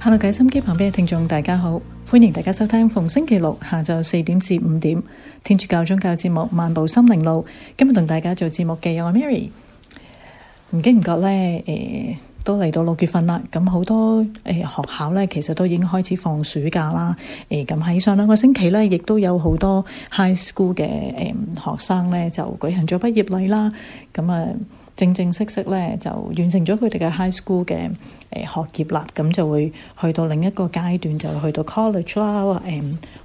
哈囉，各位心機旁邊嘅聽眾大家好，歡迎大家收聽逢星期六下晝四點至五點天主教宗教節目漫步心靈路。今日同大家做節目嘅有阿 Mary。唔經唔覺咧，誒、欸，都嚟到六月份啦，咁好多誒、欸、學校咧，其實都已經開始放暑假啦。誒、欸，咁喺上兩個星期咧，亦都有好多 high school 嘅誒、欸、學生咧，就舉行咗畢業禮啦。咁啊～正正式式咧，就完成咗佢哋嘅 high school 嘅誒、呃、學業啦，咁就會去到另一個階段，就去到 college 啦，誒、呃、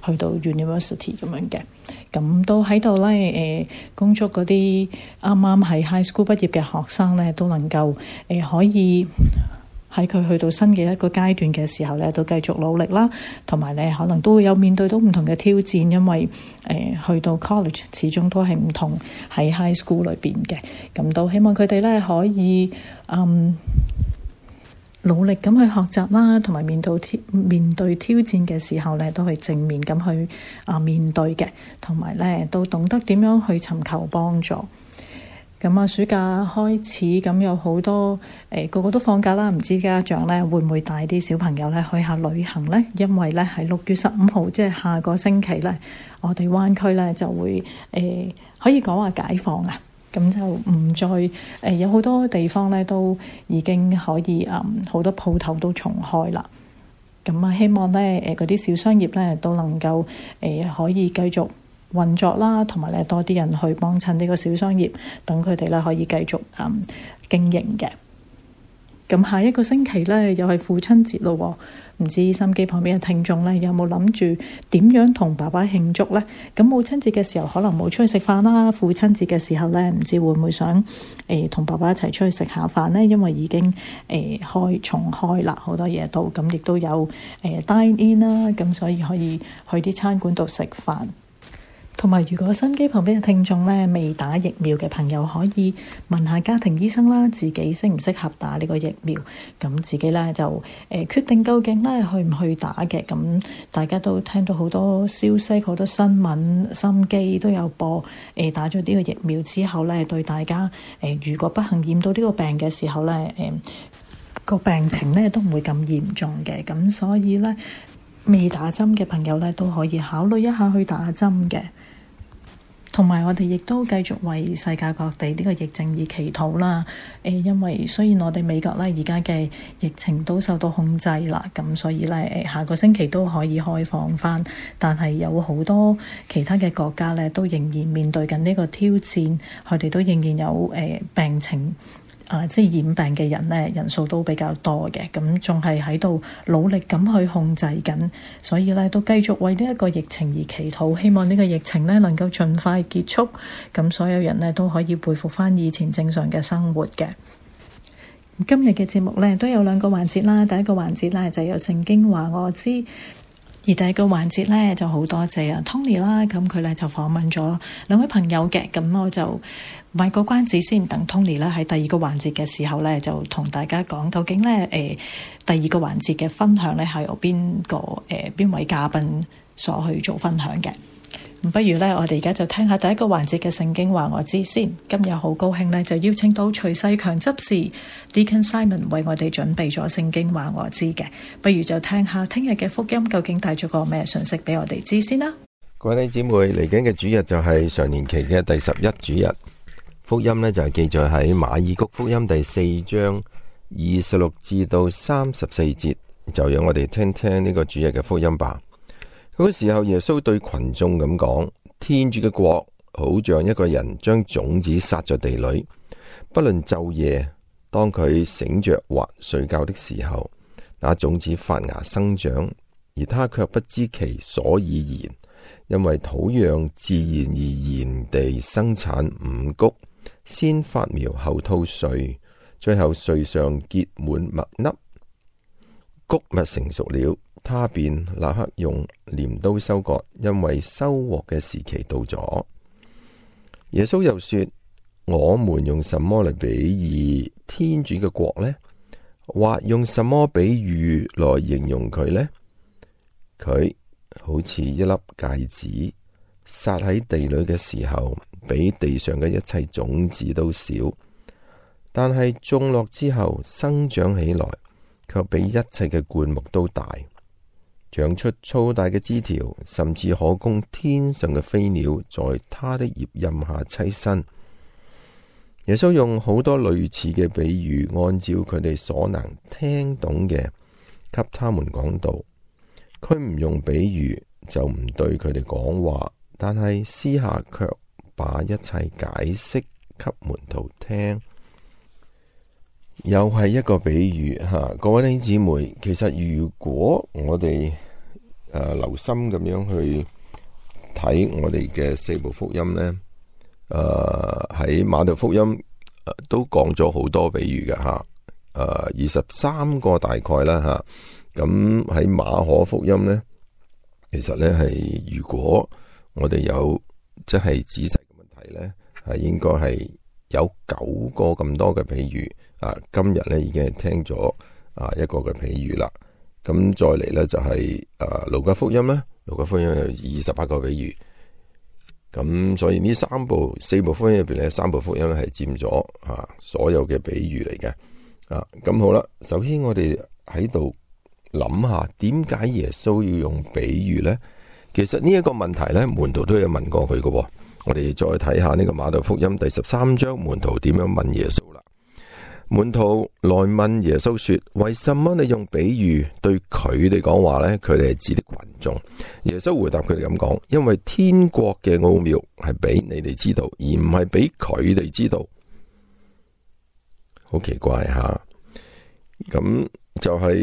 去到 university 咁樣嘅，咁都喺度咧誒工作嗰啲啱啱喺 high school 畢業嘅學生咧，都能夠誒、呃、可以。喺佢去到新嘅一個階段嘅時候咧，都繼續努力啦，同埋咧可能都會有面對到唔同嘅挑戰，因為誒、呃、去到 college 始終都係唔同喺 high school 裏邊嘅，咁都希望佢哋咧可以嗯努力咁去學習啦，同埋面對挑面對挑戰嘅時候咧，都係正面咁去啊、呃、面對嘅，同埋咧都懂得點樣去尋求幫助。咁啊，暑假開始咁有好多誒、呃，個個都放假啦。唔知家長咧會唔會帶啲小朋友咧去下旅行咧？因為咧喺六月十五號，即係下個星期咧，我哋灣區咧就會誒、呃、可以講話解放啊。咁就唔再誒、呃，有好多地方咧都已經可以誒，好、呃、多鋪頭都重開啦。咁啊，希望咧誒嗰啲小商業咧都能夠誒、呃、可以繼續運作啦，同埋咧多啲人去幫襯呢個小商業，等佢哋咧可以繼續嗯經營嘅。咁下一個星期呢，又係父親節咯，唔知心機旁邊嘅聽眾呢，有冇諗住點樣同爸爸慶祝呢？咁母親節嘅時候可能冇出去食飯啦，父親節嘅時候呢，唔知會唔會想誒同、呃、爸爸一齊出去食下飯呢？因為已經誒開、呃、重開啦，好多嘢都咁亦都有誒 dine in 啦，咁、呃呃呃、所以可以去啲餐館度食飯。同埋，如果新機旁邊嘅聽眾咧未打疫苗嘅朋友，可以問下家庭醫生啦，自己適唔適合打呢個疫苗？咁自己呢，就誒決定究竟呢去唔去打嘅。咁大家都聽到好多消息、好多新聞，心機都有播。誒，打咗呢個疫苗之後呢，對大家誒，如果不幸染到呢個病嘅時候呢，誒、個病情呢都唔會咁嚴重嘅。咁所以呢，未打針嘅朋友呢，都可以考慮一下去打針嘅。同埋我哋亦都繼續為世界各地呢個疫症而祈禱啦。誒，因為雖然我哋美國咧而家嘅疫情都受到控制啦，咁所以咧下個星期都可以開放返，但係有好多其他嘅國家咧都仍然面對緊呢個挑戰，佢哋都仍然有誒、呃、病情。啊！即染病嘅人呢，人數都比較多嘅，咁仲係喺度努力咁去控制緊，所以呢，都繼續為呢一個疫情而祈禱，希望呢個疫情呢能夠盡快結束，咁所有人呢都可以恢復翻以前正常嘅生活嘅。今日嘅節目呢，都有兩個環節啦，第一個環節咧就係有聖經話我知。而第二個環節咧就好多謝啊，Tony 啦，咁佢咧就訪問咗兩位朋友嘅，咁我就賣個關子先，等 Tony 啦喺第二個環節嘅時候咧就同大家講，究竟咧誒、呃、第二個環節嘅分享咧係由邊個誒邊、呃、位嘉賓所去做分享嘅？嗯、不如呢，我哋而家就聽下第一個環節嘅聖經話我知先。今日好高興呢，就邀請到徐世強執事 Deacon Simon 為我哋準備咗聖經話我知嘅。不如就聽下聽日嘅福音究竟帶咗個咩信息俾我哋知先啦。各位姊妹，嚟緊嘅主日就係常年期嘅第十一主日，福音呢，就係、是、記載喺馬爾谷福音第四章二十六至到三十四節。就讓我哋聽聽呢個主日嘅福音吧。嗰個時候，耶穌對群眾咁講：天主嘅國，好像一個人將種子撒在地裏，不論晝夜，當佢醒着或睡覺的時候，那種子發芽生長，而他卻不知其所以然，因為土壤自然而然地生產五穀，先發苗，後吐穗，最後穗上結滿麥粒，穀物成熟了。他便立刻用鐮刀收割，因為收穫嘅時期到咗。耶穌又說：我們用什麼嚟比喻天主嘅國呢，或用什麼比喻來形容佢呢？佢好似一粒芥子，撒喺地裏嘅時候，比地上嘅一切種子都少，但係種落之後生長起來，卻比一切嘅灌木都大。長出粗大嘅枝條，甚至可供天上嘅飛鳥在它的葉蔭下棲身。耶穌用好多類似嘅比喻，按照佢哋所能聽懂嘅，給他們講道。佢唔用比喻就唔對佢哋講話，但係私下卻把一切解釋給門徒聽。又係一個比喻吓，各位弟兄姊妹，其實如果我哋。誒、啊，留心咁樣去睇我哋嘅四部福音呢，誒喺馬太福音都講咗好多比喻嘅吓，誒二十三個大概啦吓，咁喺馬可福音呢，其實呢係如果我哋有即係、就是、仔細嘅問題呢，係應該係有九個咁多嘅比喻啊，今日呢已經係聽咗啊一個嘅比喻啦。咁再嚟咧就係、是、誒、呃、路加福音咧，路加福音有二十八個比喻，咁所以呢三部四部福音入邊咧，三部福音係佔咗吓所有嘅比喻嚟嘅啊。咁好啦，首先我哋喺度諗下，點解耶穌要用比喻咧？其實呢一個問題咧，門徒都有問過佢嘅、哦。我哋再睇下呢、這個馬竇福音第十三章，門徒點樣問耶穌。門徒來問耶穌說：為什麼你用比喻對佢哋講話呢？佢哋係指的群眾。耶穌回答佢哋咁講：因為天國嘅奧妙係俾你哋知道，而唔係俾佢哋知道。好奇怪吓！咁就係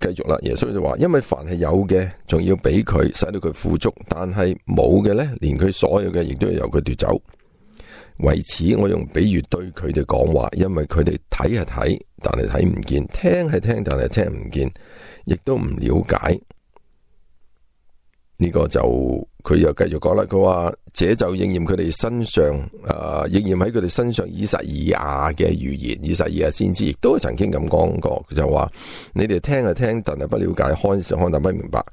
繼續啦。耶穌就話：因為凡係有嘅，仲要俾佢，使到佢富足；但係冇嘅呢，連佢所有嘅，亦都要由佢奪走。為此，我用比喻對佢哋講話，因為佢哋睇係睇，但係睇唔見；聽係聽，但係聽唔見，亦都唔了解。呢、這個就佢又繼續講啦。佢話：這就應驗佢哋身上，誒、呃，應驗喺佢哋身上。以賽亞嘅預言，以賽亞先知亦都曾經咁講過。佢就話：你哋聽係聽，但係不了解；看是看，看，看，看，但係不明白。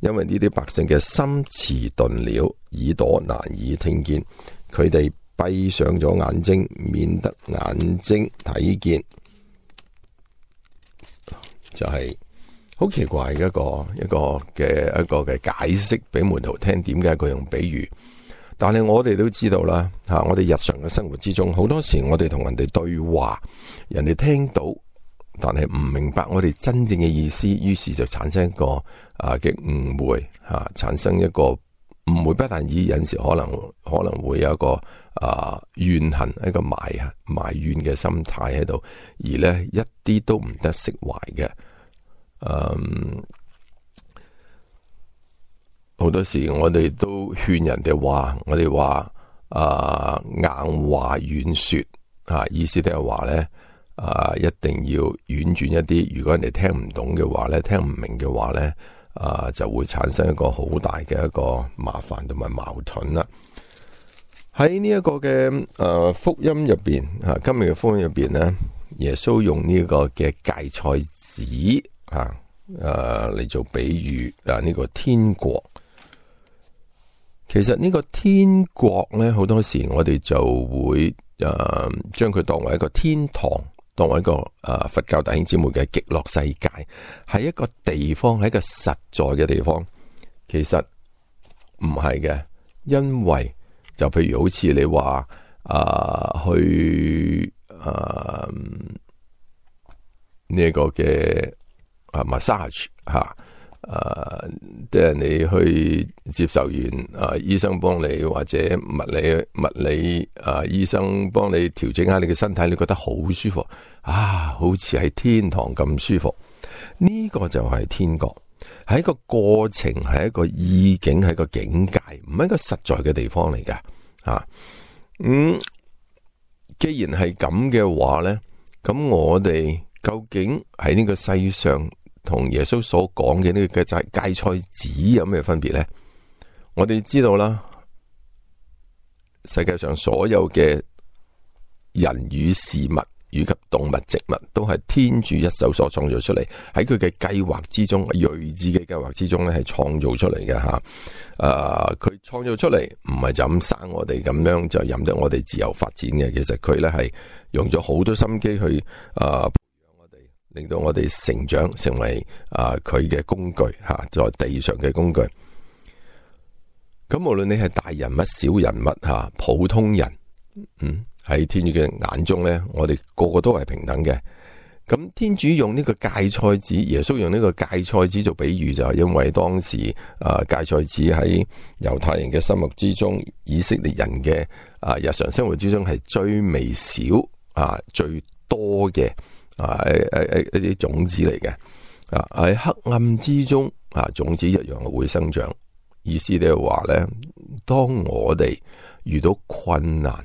因為呢啲百姓嘅心遲鈍了，耳朵難以聽見佢哋。閉上咗眼睛，免得眼睛睇見，就係、是、好奇怪嘅，一個一個嘅一個嘅解釋俾門徒聽，點解佢用比喻？但係我哋都知道啦，吓、啊、我哋日常嘅生活之中，好多時我哋同人哋對話，人哋聽到，但係唔明白我哋真正嘅意思，於是就產生一個啊嘅誤會，吓、啊、產生一個誤會，不但止，有時可能可能會有一個。啊！怨恨一個埋埋怨嘅心態喺度，而呢一啲都唔得釋懷嘅。嗯，好多時我哋都勸人哋話，我哋話啊硬話軟說啊，意思就係話呢啊，一定要婉轉一啲。如果人哋聽唔懂嘅話呢，聽唔明嘅話呢，啊就會產生一個好大嘅一個麻煩同埋矛盾啦。喺呢一個嘅誒、呃、福音入邊啊，今日嘅福音入邊咧，耶穌用呢個嘅芥菜籽啊誒嚟、啊、做比喻啊，呢、呢個天國。其實呢個天國咧，好多時我哋就會誒、啊、將佢當為一個天堂，當為一個誒、啊、佛教弟兄姊妹嘅極樂世界，係一個地方，係一個實在嘅地方。其實唔係嘅，因為。就譬如好似你話啊，去啊呢一個嘅啊 massage 吓，啊即係，這個啊，你去接受完啊醫生幫你或者物理物理啊醫生幫你調整下你嘅身體，你覺得好舒服啊，好似係天堂咁舒服，呢、這個就係天國。係一個過程，係一個意境，係個境界，唔係一個實在嘅地方嚟噶。啊，咁、嗯、既然係咁嘅話咧，咁我哋究竟喺呢個世上同耶穌所講嘅呢個芥芥菜籽有咩分別咧？我哋知道啦，世界上所有嘅人與事物。以及動物、植物都係天主一手所創造出嚟，喺佢嘅計劃之中、睿智嘅計劃之中咧，係創造出嚟嘅吓。誒、啊，佢創造出嚟唔係就咁生我哋咁樣，就任得我哋自由發展嘅。其實佢咧係用咗好多心機去誒、啊，培養我哋，令到我哋成長，成為誒佢嘅工具吓，在地上嘅工具。咁、啊就是，無論你係大人物、小人物吓、啊，普通人，嗯。喺天主嘅眼中咧，我哋個個都係平等嘅。咁天主用呢個芥菜子，耶穌用呢個芥菜子做比喻，就係因為當時啊芥菜子喺猶太人嘅心目之中，以色列人嘅啊日常生活之中係最微小啊最多嘅啊一啲，啊啊啊啊啊、種子嚟嘅啊喺，啊啊，黑暗之中啊種子一樣會生長。意思就係話咧，當我哋遇到困難，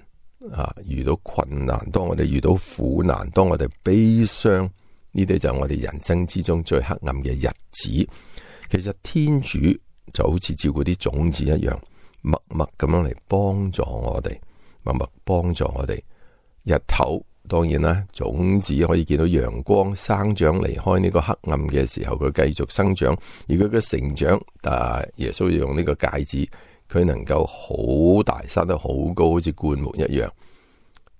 啊！遇到困難，當我哋遇到苦難，當我哋悲傷，呢啲就係我哋人生之中最黑暗嘅日子。其實天主就好似照顧啲種子一樣，默默咁樣嚟幫助我哋，默默幫助我哋。日頭當然啦，種子可以見到陽光生長，離開呢個黑暗嘅時候，佢繼續生長。而佢嘅成長，但耶穌要用呢個戒指。佢能夠好大，生得好高，好似灌木一樣，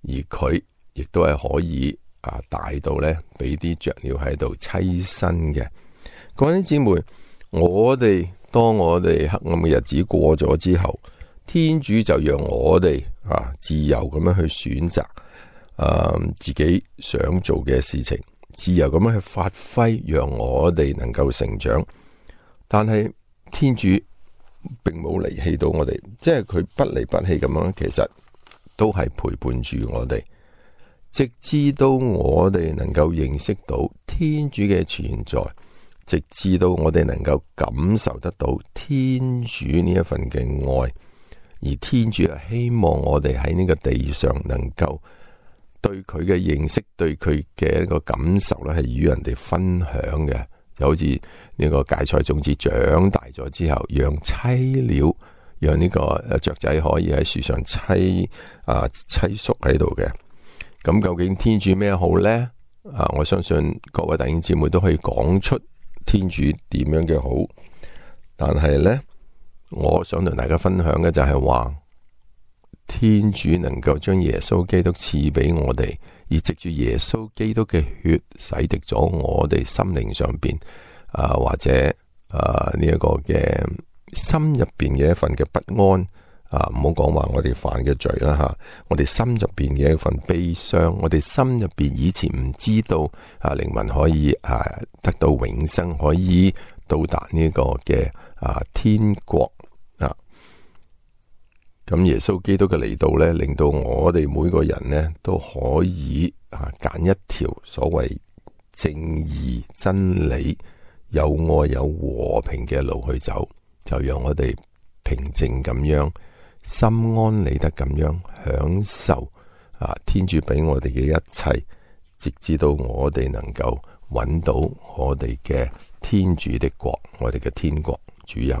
而佢亦都係可以啊大到咧，俾啲雀鳥喺度棲身嘅。各位姊妹，我哋當我哋黑暗嘅日子過咗之後，天主就讓我哋啊自由咁樣去選擇，誒自己想做嘅事情，自由咁樣去發揮，讓我哋能夠成長。但係天主。並冇離棄到我哋，即係佢不離不棄咁樣，其實都係陪伴住我哋，直至到我哋能夠認識到天主嘅存在，直至到我哋能夠感受得到天主呢一份嘅愛，而天主又希望我哋喺呢個地上能夠對佢嘅認識，對佢嘅一個感受咧，係與人哋分享嘅。就好似呢個芥菜種子長大咗之後，養棲鳥，讓呢個雀仔可以喺樹上棲啊棲宿喺度嘅。咁究竟天主咩好呢？啊，我相信各位弟兄姊妹都可以講出天主點樣嘅好。但係呢，我想同大家分享嘅就係話，天主能夠將耶穌基督賜俾我哋。而藉住耶穌基督嘅血洗滌咗我哋心靈上邊啊，或者啊呢一個嘅心入邊嘅一份嘅不安啊，唔好講話我哋犯嘅罪啦吓啊，我哋心入邊嘅一份悲傷，我哋心入邊以前唔知道啊，靈魂可以啊得到永生，可以到達呢個嘅啊天國。咁耶穌基督嘅嚟到呢，令到我哋每個人呢都可以啊揀一條所謂正義、真理、有愛、有和平嘅路去走，就讓我哋平靜咁樣、心安理得咁樣享受啊天主俾我哋嘅一切，直至到我哋能夠揾到我哋嘅天主的國，我哋嘅天國主有。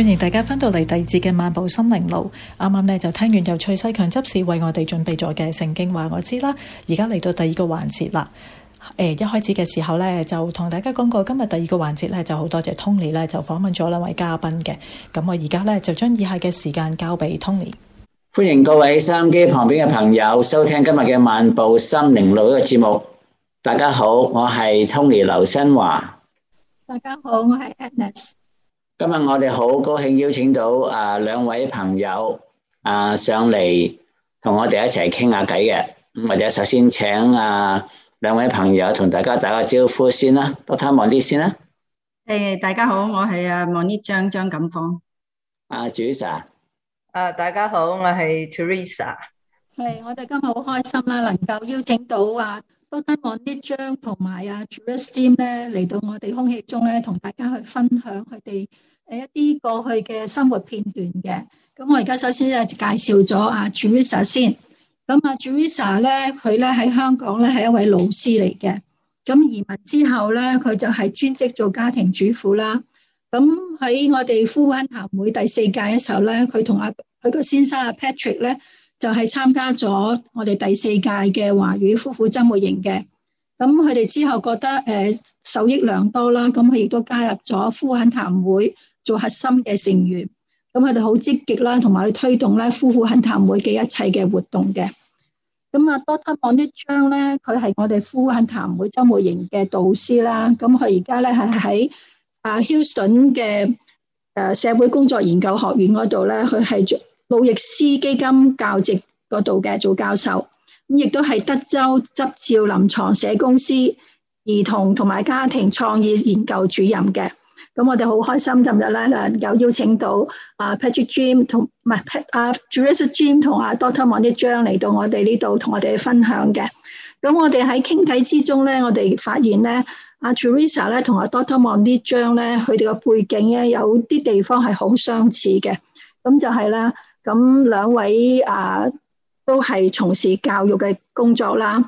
歡迎大家翻到嚟第二節嘅漫步心靈路，啱啱咧就聽完由崔世強執事為我哋準備咗嘅聖經話我知啦，而家嚟到第二個環節啦。誒，一開始嘅時候咧就同大家講過今日第二個環節咧就好多謝 Tony 咧就訪問咗兩位嘉賓嘅，咁我而家咧就將以下嘅時間交俾 Tony。歡迎各位收音機旁邊嘅朋友收聽今日嘅漫步心靈路呢個節目。大家好，我係 Tony 劉新華。大家好，我係 Annette。今日我哋好高興邀請到啊兩位朋友啊上嚟同我哋一齊傾下偈嘅，咁或者首先請啊兩位朋友同大家打個招呼先啦，多睇 Monica 先啦。誒，大家好，我係啊 Monica 張張錦芳。啊，Teresa，啊，大家好，我係 Teresa。係，我哋今日好開心啦，能夠邀請到啊。多得我張呢張同埋阿 Trista 咧嚟到我哋空氣中咧，同大家去分享佢哋誒一啲過去嘅生活片段嘅。咁我而家首先啊介紹咗阿 Trista 先。咁啊 Trista 咧，佢咧喺香港咧係一位老師嚟嘅。咁移民之後咧，佢就係專職做家庭主婦啦。咁喺我哋呼灣校友會第四屆嘅時候咧，佢同阿佢個先生阿 Patrick 咧，就係參加咗我哋第四屆嘅華語夫婦週末營嘅，咁佢哋之後覺得誒受益良多啦，咁佢亦都加入咗夫婦肯談會做核心嘅成員，咁佢哋好積極啦，同埋去推動咧夫婦肯談會嘅一切嘅活動嘅。咁啊，Doctor Wang 的張咧，佢係我哋夫婦肯談會週末營嘅導師啦，咁佢而家咧係喺啊 Hilton 嘅誒社會工作研究學院嗰度咧，佢係做。路易斯基金教席嗰度嘅做教授，咁亦都係德州執照臨床社公司兒童同埋家庭創意研究主任嘅。咁我哋好開心今呢，今日咧又邀請到 Pat Jim, 啊 Patrick Jim 同唔係啊 Theresa Jim 同阿 Doctor Wang 啲張嚟到我哋呢度同我哋分享嘅。咁我哋喺傾偈之中咧，我哋發現咧，阿 t e r e s a 咧同阿 Doctor Wang 啲張咧，佢哋個背景咧有啲地方係好相似嘅。咁就係咧。咁兩位啊，都係從事教育嘅工作啦。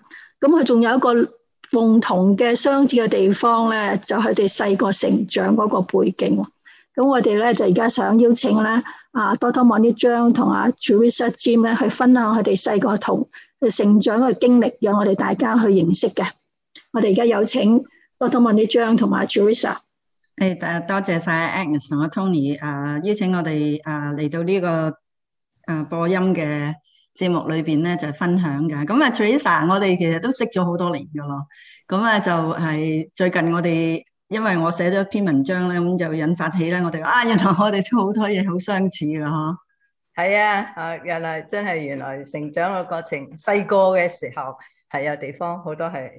咁佢仲有一個共同嘅相似嘅地方咧、啊，就係佢哋細個成長嗰個背景。咁我哋咧就而家想邀請咧啊，Dr. Monty 張同阿 Juliette Jam 咧去分享佢哋細個同成長嘅經歷，讓我哋大家去認識嘅。我哋而家有請 Dr. Monty 張同埋 Juliette。誒，多謝晒 Anis 同阿 Tony 啊，邀請我哋啊嚟到呢、呢個。誒，播音嘅節目裏邊咧就係、是、分享嘅，咁啊，Teresa 我哋其實都識咗好多年噶咯，咁啊就係最近我哋因為我寫咗一篇文章咧，咁就引發起咧我哋啊原來我哋都好多嘢好相似噶嗬，係啊，啊原來真係原來成長嘅過程，細個嘅時候係有、啊、地方好多係誒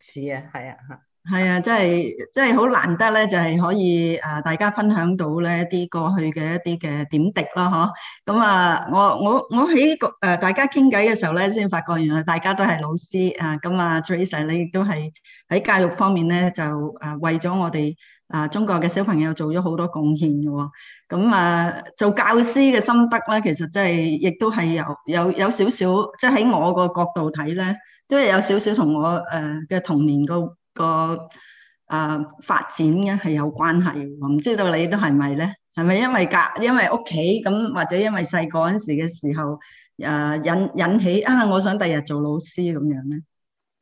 似啊，係啊吓。係啊，真係真係好難得咧，就係可以誒大家分享到咧一啲過去嘅一啲嘅點滴啦，嗬。咁啊，我我我喺個誒大家傾偈嘅時候咧，先發覺原來大家都係老師啊。咁啊，Tracey 你亦都係喺教育方面咧，就誒為咗我哋啊中國嘅小朋友做咗好多貢獻嘅喎。咁啊，做教師嘅心得咧，其實真係亦都係有有有少少，即係喺我個角度睇咧，都係有少少同我誒嘅童年個個誒、啊、發展嘅係有關係，我唔知道你都係咪咧？係咪因為隔，因為屋企咁，或者因為細個嗰時嘅時候誒、啊、引引起啊？我想第日做老師咁樣咧。誒、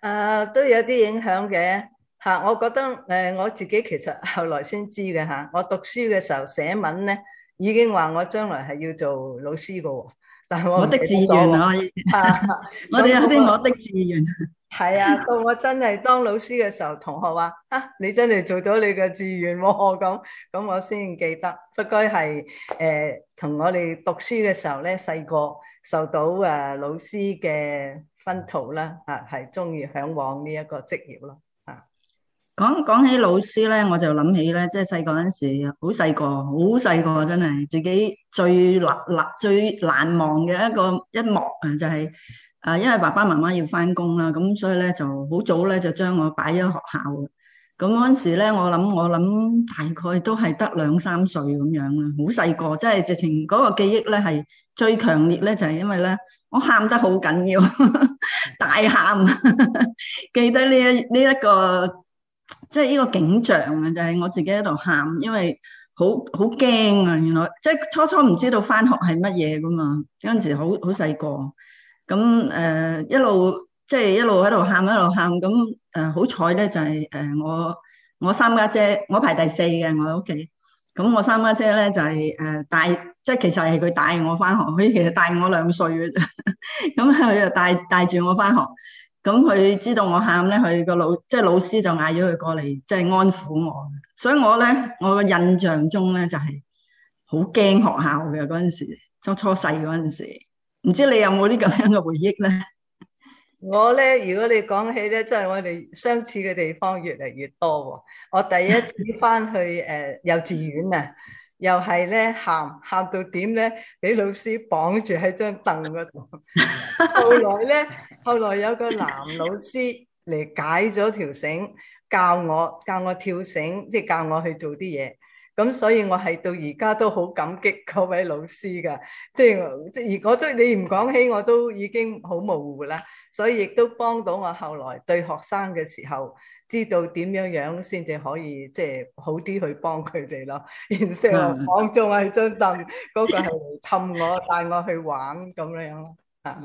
啊，都有啲影響嘅吓。我覺得誒、啊，我自己其實後來先知嘅吓、啊。我讀書嘅時候寫文咧，已經話我將來係要做老師噶。但係我我的志願啊，啊 我哋有啲我的志願。係啊，到我真係當老師嘅時候，同學話啊，你真係做到你嘅志願咁，哦，咁我先記得。不該係誒，同，呃、我哋讀書嘅時候咧，細個受到誒老師嘅熏陶啦，啊，係中意向往呢一個職業啦。啊，講講起老師咧，我就諗起咧，即係細個嗰陣時，好細個，好細個，真係自己最難難最難忘嘅一個一幕啊，就是，就係。啊，因為爸爸媽媽要翻工啦，咁所以咧就好早咧就將我擺咗學校。咁嗰陣時咧，我諗我諗大概都係得兩三歲咁樣啦，好細個，即係直情嗰個記憶咧係最強烈咧，就係因為咧我喊得好緊要，大喊，記得呢一呢一個，即係呢個景象呀，就係我自己喺度喊，因為好好驚啊！原來即係初初唔知道翻學係乜嘢噶嘛，嗰陣時好好細個。咁誒一路即係一路喺度喊，一路喊咁誒好彩咧，就係誒我我三家姐，我排第四嘅我喺屋企。咁我三家姐咧就係誒帶，即、呃、係、就是、其實係佢帶我翻學，佢其實帶我兩歲嘅啫。咁 佢、嗯、就帶帶住我翻學。咁佢知道我喊咧，佢個老即係、就是、老師就嗌咗佢過嚟，即、就、係、是、安撫我。所以我咧，我嘅印象中咧就係好驚學校嘅嗰陣時，初初細嗰陣時。唔知你有冇啲咁樣嘅回憶咧？我咧，如果你講起咧，真係我哋相似嘅地方越嚟越多喎。我第一次返去誒幼稚園啊，又係咧喊喊到點咧，俾老師綁住喺張凳嗰度。後來咧，後來有個男老師嚟解咗條繩，教我教我跳繩，即係教我去做啲嘢。咁所以我係到而家都好感激嗰位老師噶，即係即係如果都你唔講起我都已經好模糊啦，所以亦都幫到我後來對學生嘅時候，知道點樣樣先至可以即係、就是、好啲去幫佢哋咯。然後我講做係張凳，嗰 個係嚟氹我帶我去玩咁樣。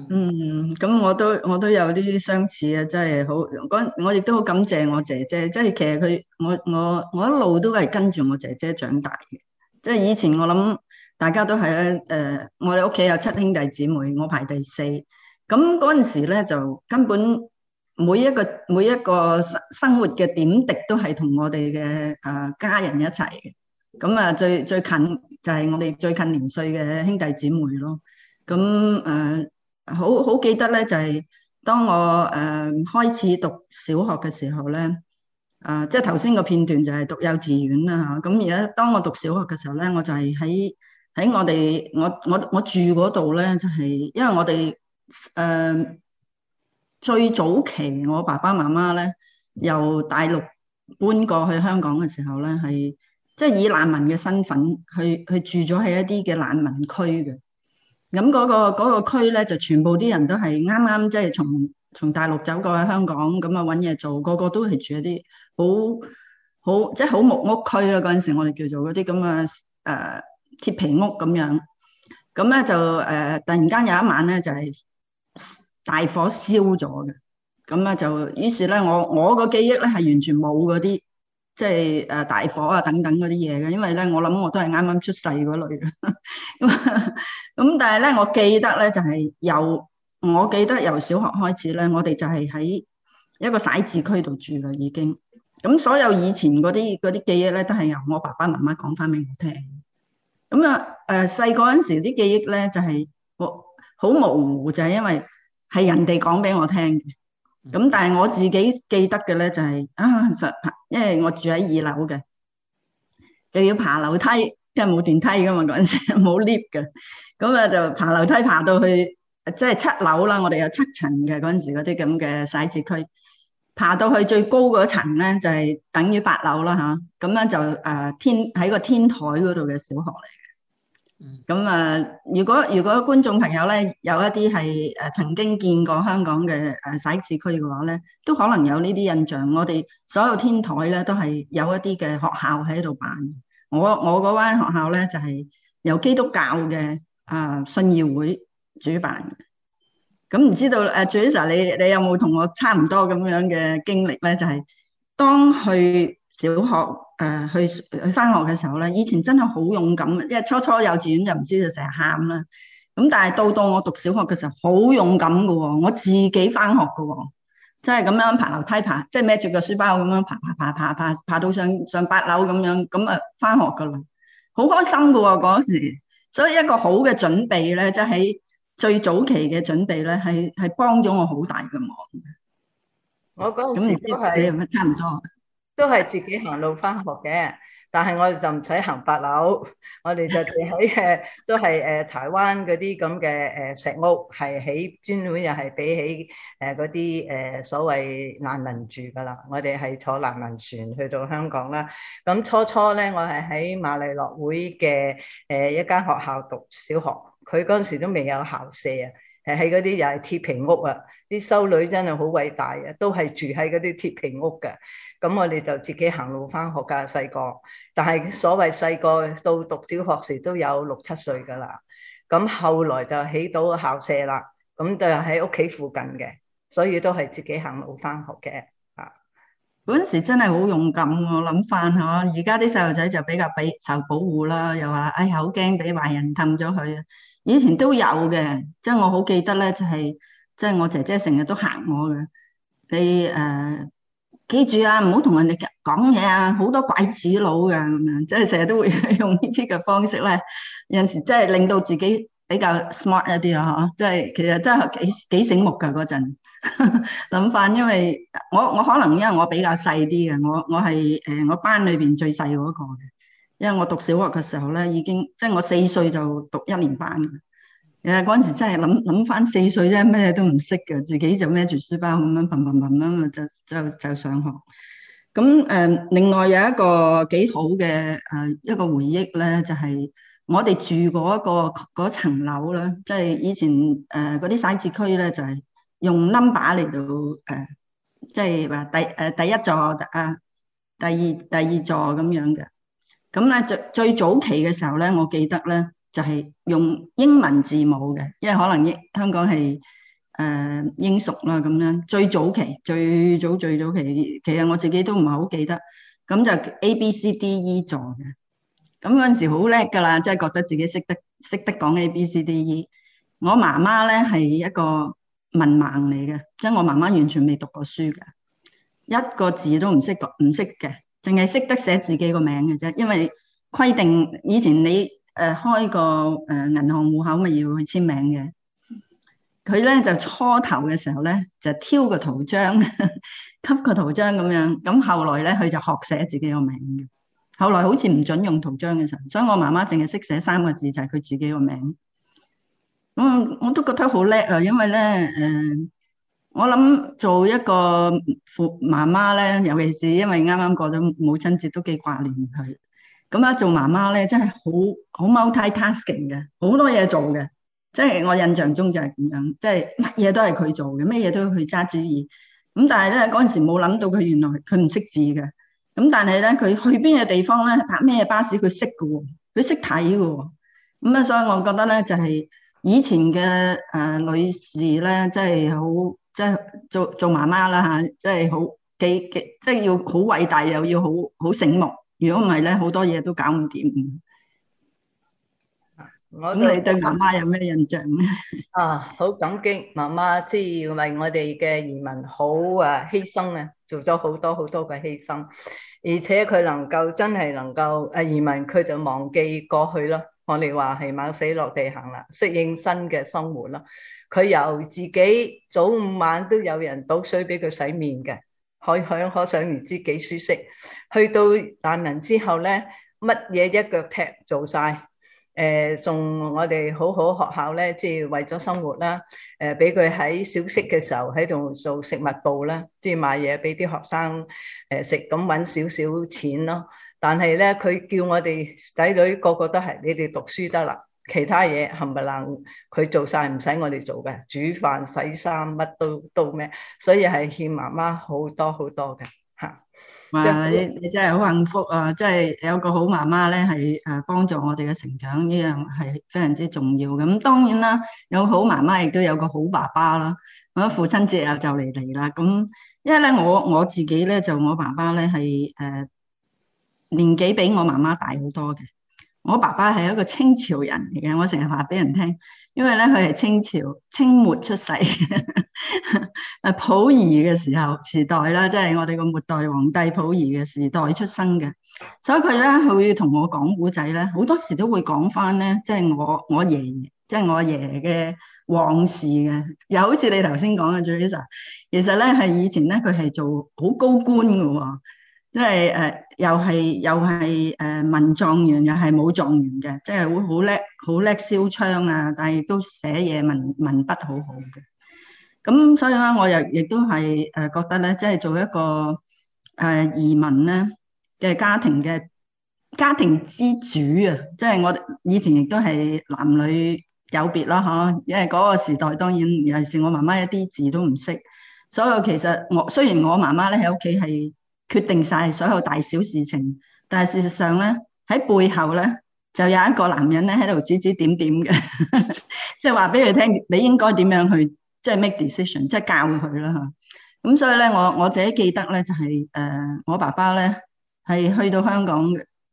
嗯，咁我都我都有啲相似啊，真係好嗰，我亦都好感謝我姐姐。即係其實佢，我我我一路都係跟住我姐姐長大嘅。即係以前我諗大家都係咧，誒、呃，我哋屋企有七兄弟姊妹，我排第四。咁嗰陣時咧就根本每一個每一個生生活嘅點滴都係同我哋嘅誒家人一齊嘅。咁啊最最近就係、是、我哋最近年歲嘅兄弟姊妹咯。咁誒。呃好好記得咧，就係、是、當我誒、呃、開始讀小學嘅時候咧，誒、呃、即係頭先個片段就係讀幼稚園啦嚇。咁而家當我讀小學嘅時候咧，我就係喺喺我哋我我我住嗰度咧，就係因為我哋誒、呃、最早期我爸爸媽媽咧由大陸搬過去香港嘅時候咧，係即係以難民嘅身份去去住咗喺一啲嘅難民區嘅。咁嗰個嗰個區咧，就全部啲人都係啱啱即係從從大陸走過去香港，咁啊揾嘢做，個個都係住一啲好好即係好木屋區咯。嗰陣時我哋叫做嗰啲咁嘅誒鐵皮屋咁樣。咁咧就誒，突然間有一晚咧就係大火燒咗嘅，咁啊就於是咧我我個記憶咧係完全冇嗰啲。.即係誒大火啊，等等嗰啲嘢嘅，因為咧，我諗我都係啱啱出世嗰類嘅，咁 但係咧，我記得咧就係、是、由我記得由小學開始咧，我哋就係喺一個徙置區度住啦，已經，咁所有以前嗰啲啲記憶咧，都係由我爸爸媽媽講返俾我聽。咁啊誒細個嗰陣時啲記憶咧，就係、是、好模糊，就係、是、因為係人哋講俾我聽。咁、嗯、但係我自己記得嘅咧就係、是、啊上，因為我住喺二樓嘅，就要爬樓梯，因為冇電梯噶嘛，嗰陣時冇 lift 嘅，咁啊、嗯、就爬樓梯爬到去即係七樓啦，我哋有七層嘅嗰陣時嗰啲咁嘅寫字樓區，爬到去最高嗰層咧就係、是、等於八樓啦吓，咁、啊、咧就誒、呃、天喺個天台嗰度嘅小學嚟。咁啊，如果如果觀眾朋友咧有一啲係誒曾經見過香港嘅誒徙置區嘅話咧，都可能有呢啲印象。我哋所有天台咧都係有一啲嘅學校喺度辦。我我嗰間學校咧就係由基督教嘅啊信義會主辦嘅。咁唔知道誒，Jessa 你你有冇同我差唔多咁樣嘅經歷咧？就係當去小學。誒，去去翻學嘅時候咧，以前真係好勇敢，因為初初幼稚園就唔知就成日喊啦。咁但係到到我讀小學嘅時候，好勇敢嘅喎，我自己翻學嘅喎，即係咁樣爬樓梯爬，即係孭住個書包咁樣爬爬爬爬爬，爬到上上八樓咁樣，咁啊翻學噶啦，好開心嘅喎嗰時。所以一個好嘅準備咧，即係喺最早期嘅準備咧，係係幫咗我好大嘅忙。我嗰時咁，你都係差唔多。都係自己行路翻學嘅，但係我哋就唔使行八樓，我哋就住喺誒，都係誒台灣嗰啲咁嘅誒石屋，係起磚樓又係比起誒嗰啲誒所謂難民住噶啦。我哋係坐難民船去到香港啦。咁初初咧，我係喺瑪利諾會嘅誒一間學校讀小學，佢嗰陣時都未有校舍啊，誒喺嗰啲又係鐵皮屋啊，啲修女真係好偉大啊，都係住喺嗰啲鐵皮屋噶。咁我哋就自己行路翻學噶細個，但係所謂細個到讀小學時都有六七歲噶啦。咁後來就起到校舍啦，咁就喺屋企附近嘅，所以都係自己行路翻學嘅。啊，嗰陣時真係好勇敢，我諗法嗬！而家啲細路仔就比較俾受保護啦，又話唉好驚俾壞人氹咗佢。以前都有嘅，即係我好記得咧，就係即係我姐姐成日都吓我嘅。你誒。呃記住啊，唔好同人哋講嘢啊，好多拐子佬嘅咁樣，即係成日都會用呢啲嘅方式咧，有陣時即係令到自己比較 smart 一啲啊，即係其實真係幾幾醒目噶，嗰陣諗法，因為我我可能因為我比較細啲嘅，我我係誒、呃、我班裏邊最細嗰、嗰個，因為我讀小學嘅時候咧，已經即係我四歲就讀一年班。誒，嗰陣、yeah，時真係諗諗翻四歲啫，咩都唔識嘅，自己就孭住書包咁樣，砰砰砰咁就就就上學。咁誒，uh，另外有一個幾好嘅誒、uh，一個回憶咧，就係、是、我哋住嗰一、那個嗰層樓啦。即係、就是、以前誒嗰啲徙置區咧，就係、是、用 number 嚟到誒，即係話第誒、uh，第一座啊、uh，第二第二座咁樣嘅。咁咧最最早期嘅時候咧，我記得咧。就係用英文字母嘅，因為可能英香港係誒、呃、英屬啦咁樣。最早期、最早最早期，其實我自己都唔係好記得。咁就 A B C D E 座嘅。咁嗰陣時好叻㗎啦，即係覺得自己識得識得講 A B C D E。我媽媽咧係一個文盲嚟嘅，即係我媽媽完全未讀過書嘅。一個字都唔識讀唔識嘅，淨係識得寫自己個名嘅啫。因為規定以前你。誒，開個誒銀行戶口咪要佢簽名嘅，佢咧就初頭嘅時候咧就挑個圖章，刻 個圖章咁樣，咁後來咧佢就學寫自己個名嘅，後來好似唔准用圖章嘅時候，所以我媽媽淨係識寫三個字就係、是、佢自己個名。嗯，我都覺得好叻啊，因為咧，誒、呃，我諗做一個父母媽媽咧，尤其是因為啱啱過咗母親節都幾掛念佢。咁啊，做媽媽咧，真係好好 multi-tasking 嘅，好多嘢做嘅。即係我印象中就係咁樣，即係乜嘢都係佢做嘅，咩嘢都要佢揸主意。咁但係咧，嗰陣時冇諗到佢原來佢唔識字嘅。咁但係咧，佢去邊嘅地方咧，搭咩巴士佢識㗎喎，佢識睇㗎喎。咁啊、嗯，所以我覺得咧，就係、是、以前嘅誒、呃、女士咧，真係好，即係做做媽媽啦嚇，真係好幾幾，即係要好偉大又要好好醒目。如果唔係咧，好多嘢都搞唔掂。咁你對媽媽有咩印象咧？啊，好感激媽媽，即係為我哋嘅移民好啊，犧牲啊，做咗好多好多嘅犧牲。而且佢能夠真係能夠誒，移民佢就忘記過去咯。我哋話係猛死落地行啦，適應新嘅生活咯。佢由自己早午晚都有人倒水俾佢洗面嘅。可享可想而知幾舒適，去到難民之後咧，乜嘢一腳踢做晒？誒仲我哋好好學校咧，即係為咗生活啦，誒俾佢喺小息嘅時候喺度做食物部啦，即係買嘢俾啲學生誒食，咁搵少少錢咯。但係咧，佢叫我哋仔女個個都係，你哋讀書得啦。其他嘢冚唪唥佢做晒，唔使我哋做嘅，煮飯、洗衫，乜都都咩，所以係欠媽媽好多好多嘅。吓，哇！你你真係好幸福啊！即係有個好媽媽咧，係誒幫助我哋嘅成長呢樣係非常之重要嘅。咁當然啦，有個好媽媽亦都有個好爸爸啦。咁父親節啊就嚟嚟啦。咁因為咧，我我自己咧就我爸爸咧係誒年紀比我媽媽大好多嘅。我爸爸係一個清朝人嚟嘅，我成日話俾人聽，因為咧佢係清朝清末出世，誒溥儀嘅時候時代啦，即係我哋個末代皇帝溥儀嘅時代出生嘅，所以佢咧佢會同我講古仔咧，好多時都會講翻咧，即係我我爺爺，即係我爺嘅往事嘅，又好似你頭先講嘅 j 其實咧係以前咧佢係做好高官嘅喎。即係誒，又係又係誒，文狀元又係武狀元嘅，即係會好叻，好叻燒槍啊！但係亦都寫嘢文文筆好好嘅。咁所以咧，我又亦都係誒，覺得咧，即係做一個誒移民咧嘅家庭嘅家庭之主啊！即係我以前亦都係男女有別啦，嗬，因為嗰個時代當然，尤其是我媽媽一啲字都唔識，所以其實我雖然我媽媽咧喺屋企係，決定晒所有大小事情，但係事實上咧喺背後咧就有一個男人咧喺度指指點點嘅，即係話俾佢聽，你應該點樣去即係、就是、make decision，即係教佢啦嚇。咁所以咧，我我自己記得咧就係、是、誒、呃，我爸爸咧係去到香港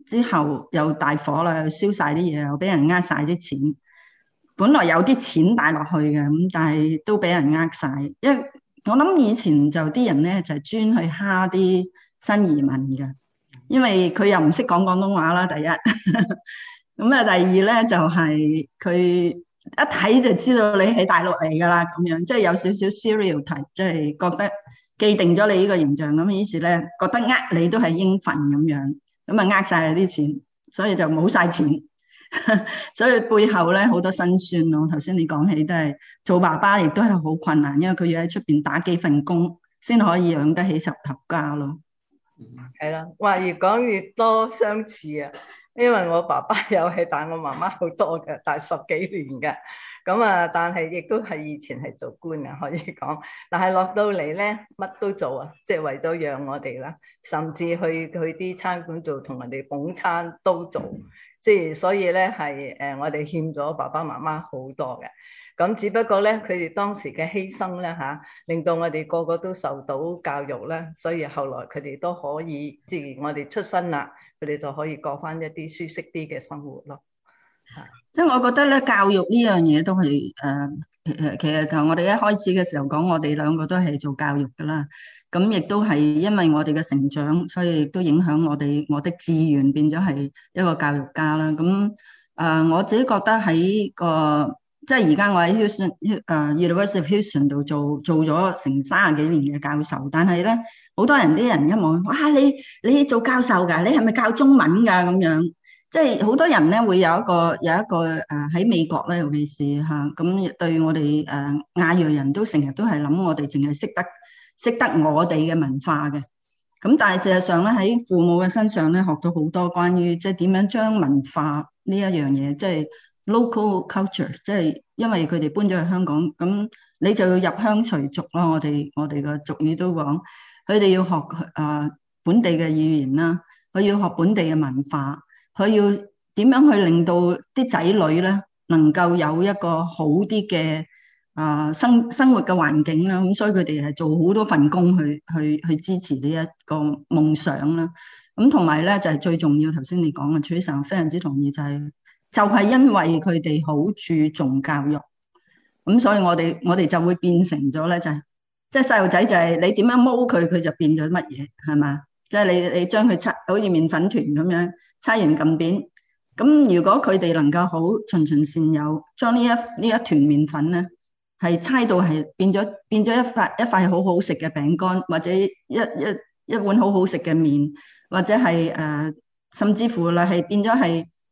之後又大火啦，燒晒啲嘢，又俾人呃晒啲錢。本來有啲錢帶落去嘅，咁但係都俾人呃曬。因為我諗以前就啲人咧就係、是、專去蝦啲新移民嘅，因為佢又唔識講廣東話啦，第一，咁 咧第二咧就係、是、佢一睇就知道你喺大陸嚟噶啦，咁樣即係、就是、有少少 serialty 即係覺得既定咗你呢個形象，咁於是咧覺得呃你都係應份咁樣，咁啊呃晒你啲錢，所以就冇晒錢， 所以背後咧好多辛酸咯。頭先你講起都係做爸爸亦都係好困難，因為佢要喺出邊打幾份工，先可以養得起十頭家咯。係啦，哇！越講越多相似啊，因為我爸爸有係，大我媽媽好多嘅，大十幾年㗎，咁啊，但係亦都係以前係做官嘅，可以講，但係落到嚟咧，乜都做啊，即係為咗養我哋啦，甚至去去啲餐館做同人哋捧餐都做，即係所以咧係誒，我哋欠咗爸爸媽媽好多嘅。咁只不過咧，佢哋當時嘅犧牲咧嚇、啊，令到我哋個個都受到教育啦，所以後來佢哋都可以自然我哋出身啦，佢哋就可以過翻一啲舒適啲嘅生活咯。嗯、 即係我覺得咧，教育呢樣嘢都係誒，其實就我哋一開始嘅時候講，我哋兩個都係做教育噶啦。咁亦都係因為我哋嘅成長，所以亦都影響我哋我嘅資源變咗係一個教育家啦。咁誒、呃，我自己覺得喺個。即係而家我喺 Un, University of Houston 度做做咗成卅幾年嘅教授，但係咧好多人啲人一望，哇！你你做教授㗎？你係咪教中文㗎？咁樣即係好多人咧會有一個有一個誒喺、呃、美國咧，尤其是嚇咁、啊、對我哋誒、呃、亞裔人都成日都係諗我哋淨係識得識得我哋嘅文化嘅。咁但係事實上咧喺父母嘅身上咧學咗好多關於即係點樣將文化呢一樣嘢即係。local culture，即係因為佢哋搬咗去香港，咁你就要入鄉隨俗咯。我哋我哋個俗語都講，佢哋要學啊本地嘅語言啦，佢要學本地嘅文化，佢要點樣去令到啲仔女咧能夠有一個好啲嘅啊生生活嘅環境啦。咁所以佢哋係做好多份工去去去支持呢一個夢想啦。咁同埋咧就係、是、最重要，頭先你講嘅主席非常之同意，就係、是。就係因為佢哋好注重教育，咁所以我哋我哋就會變成咗咧、就是，就係即係細路仔就係你點樣摸佢，佢就變咗乜嘢，係嘛？即、就、係、是、你你將佢拆，好似麵粉團咁樣搓完撳扁，咁如果佢哋能夠好循循善誘，將呢一呢一團麵粉咧，係搓到係變咗變咗一塊一塊好好食嘅餅乾，或者一一一碗好好食嘅麵，或者係誒、呃，甚至乎啦係變咗係。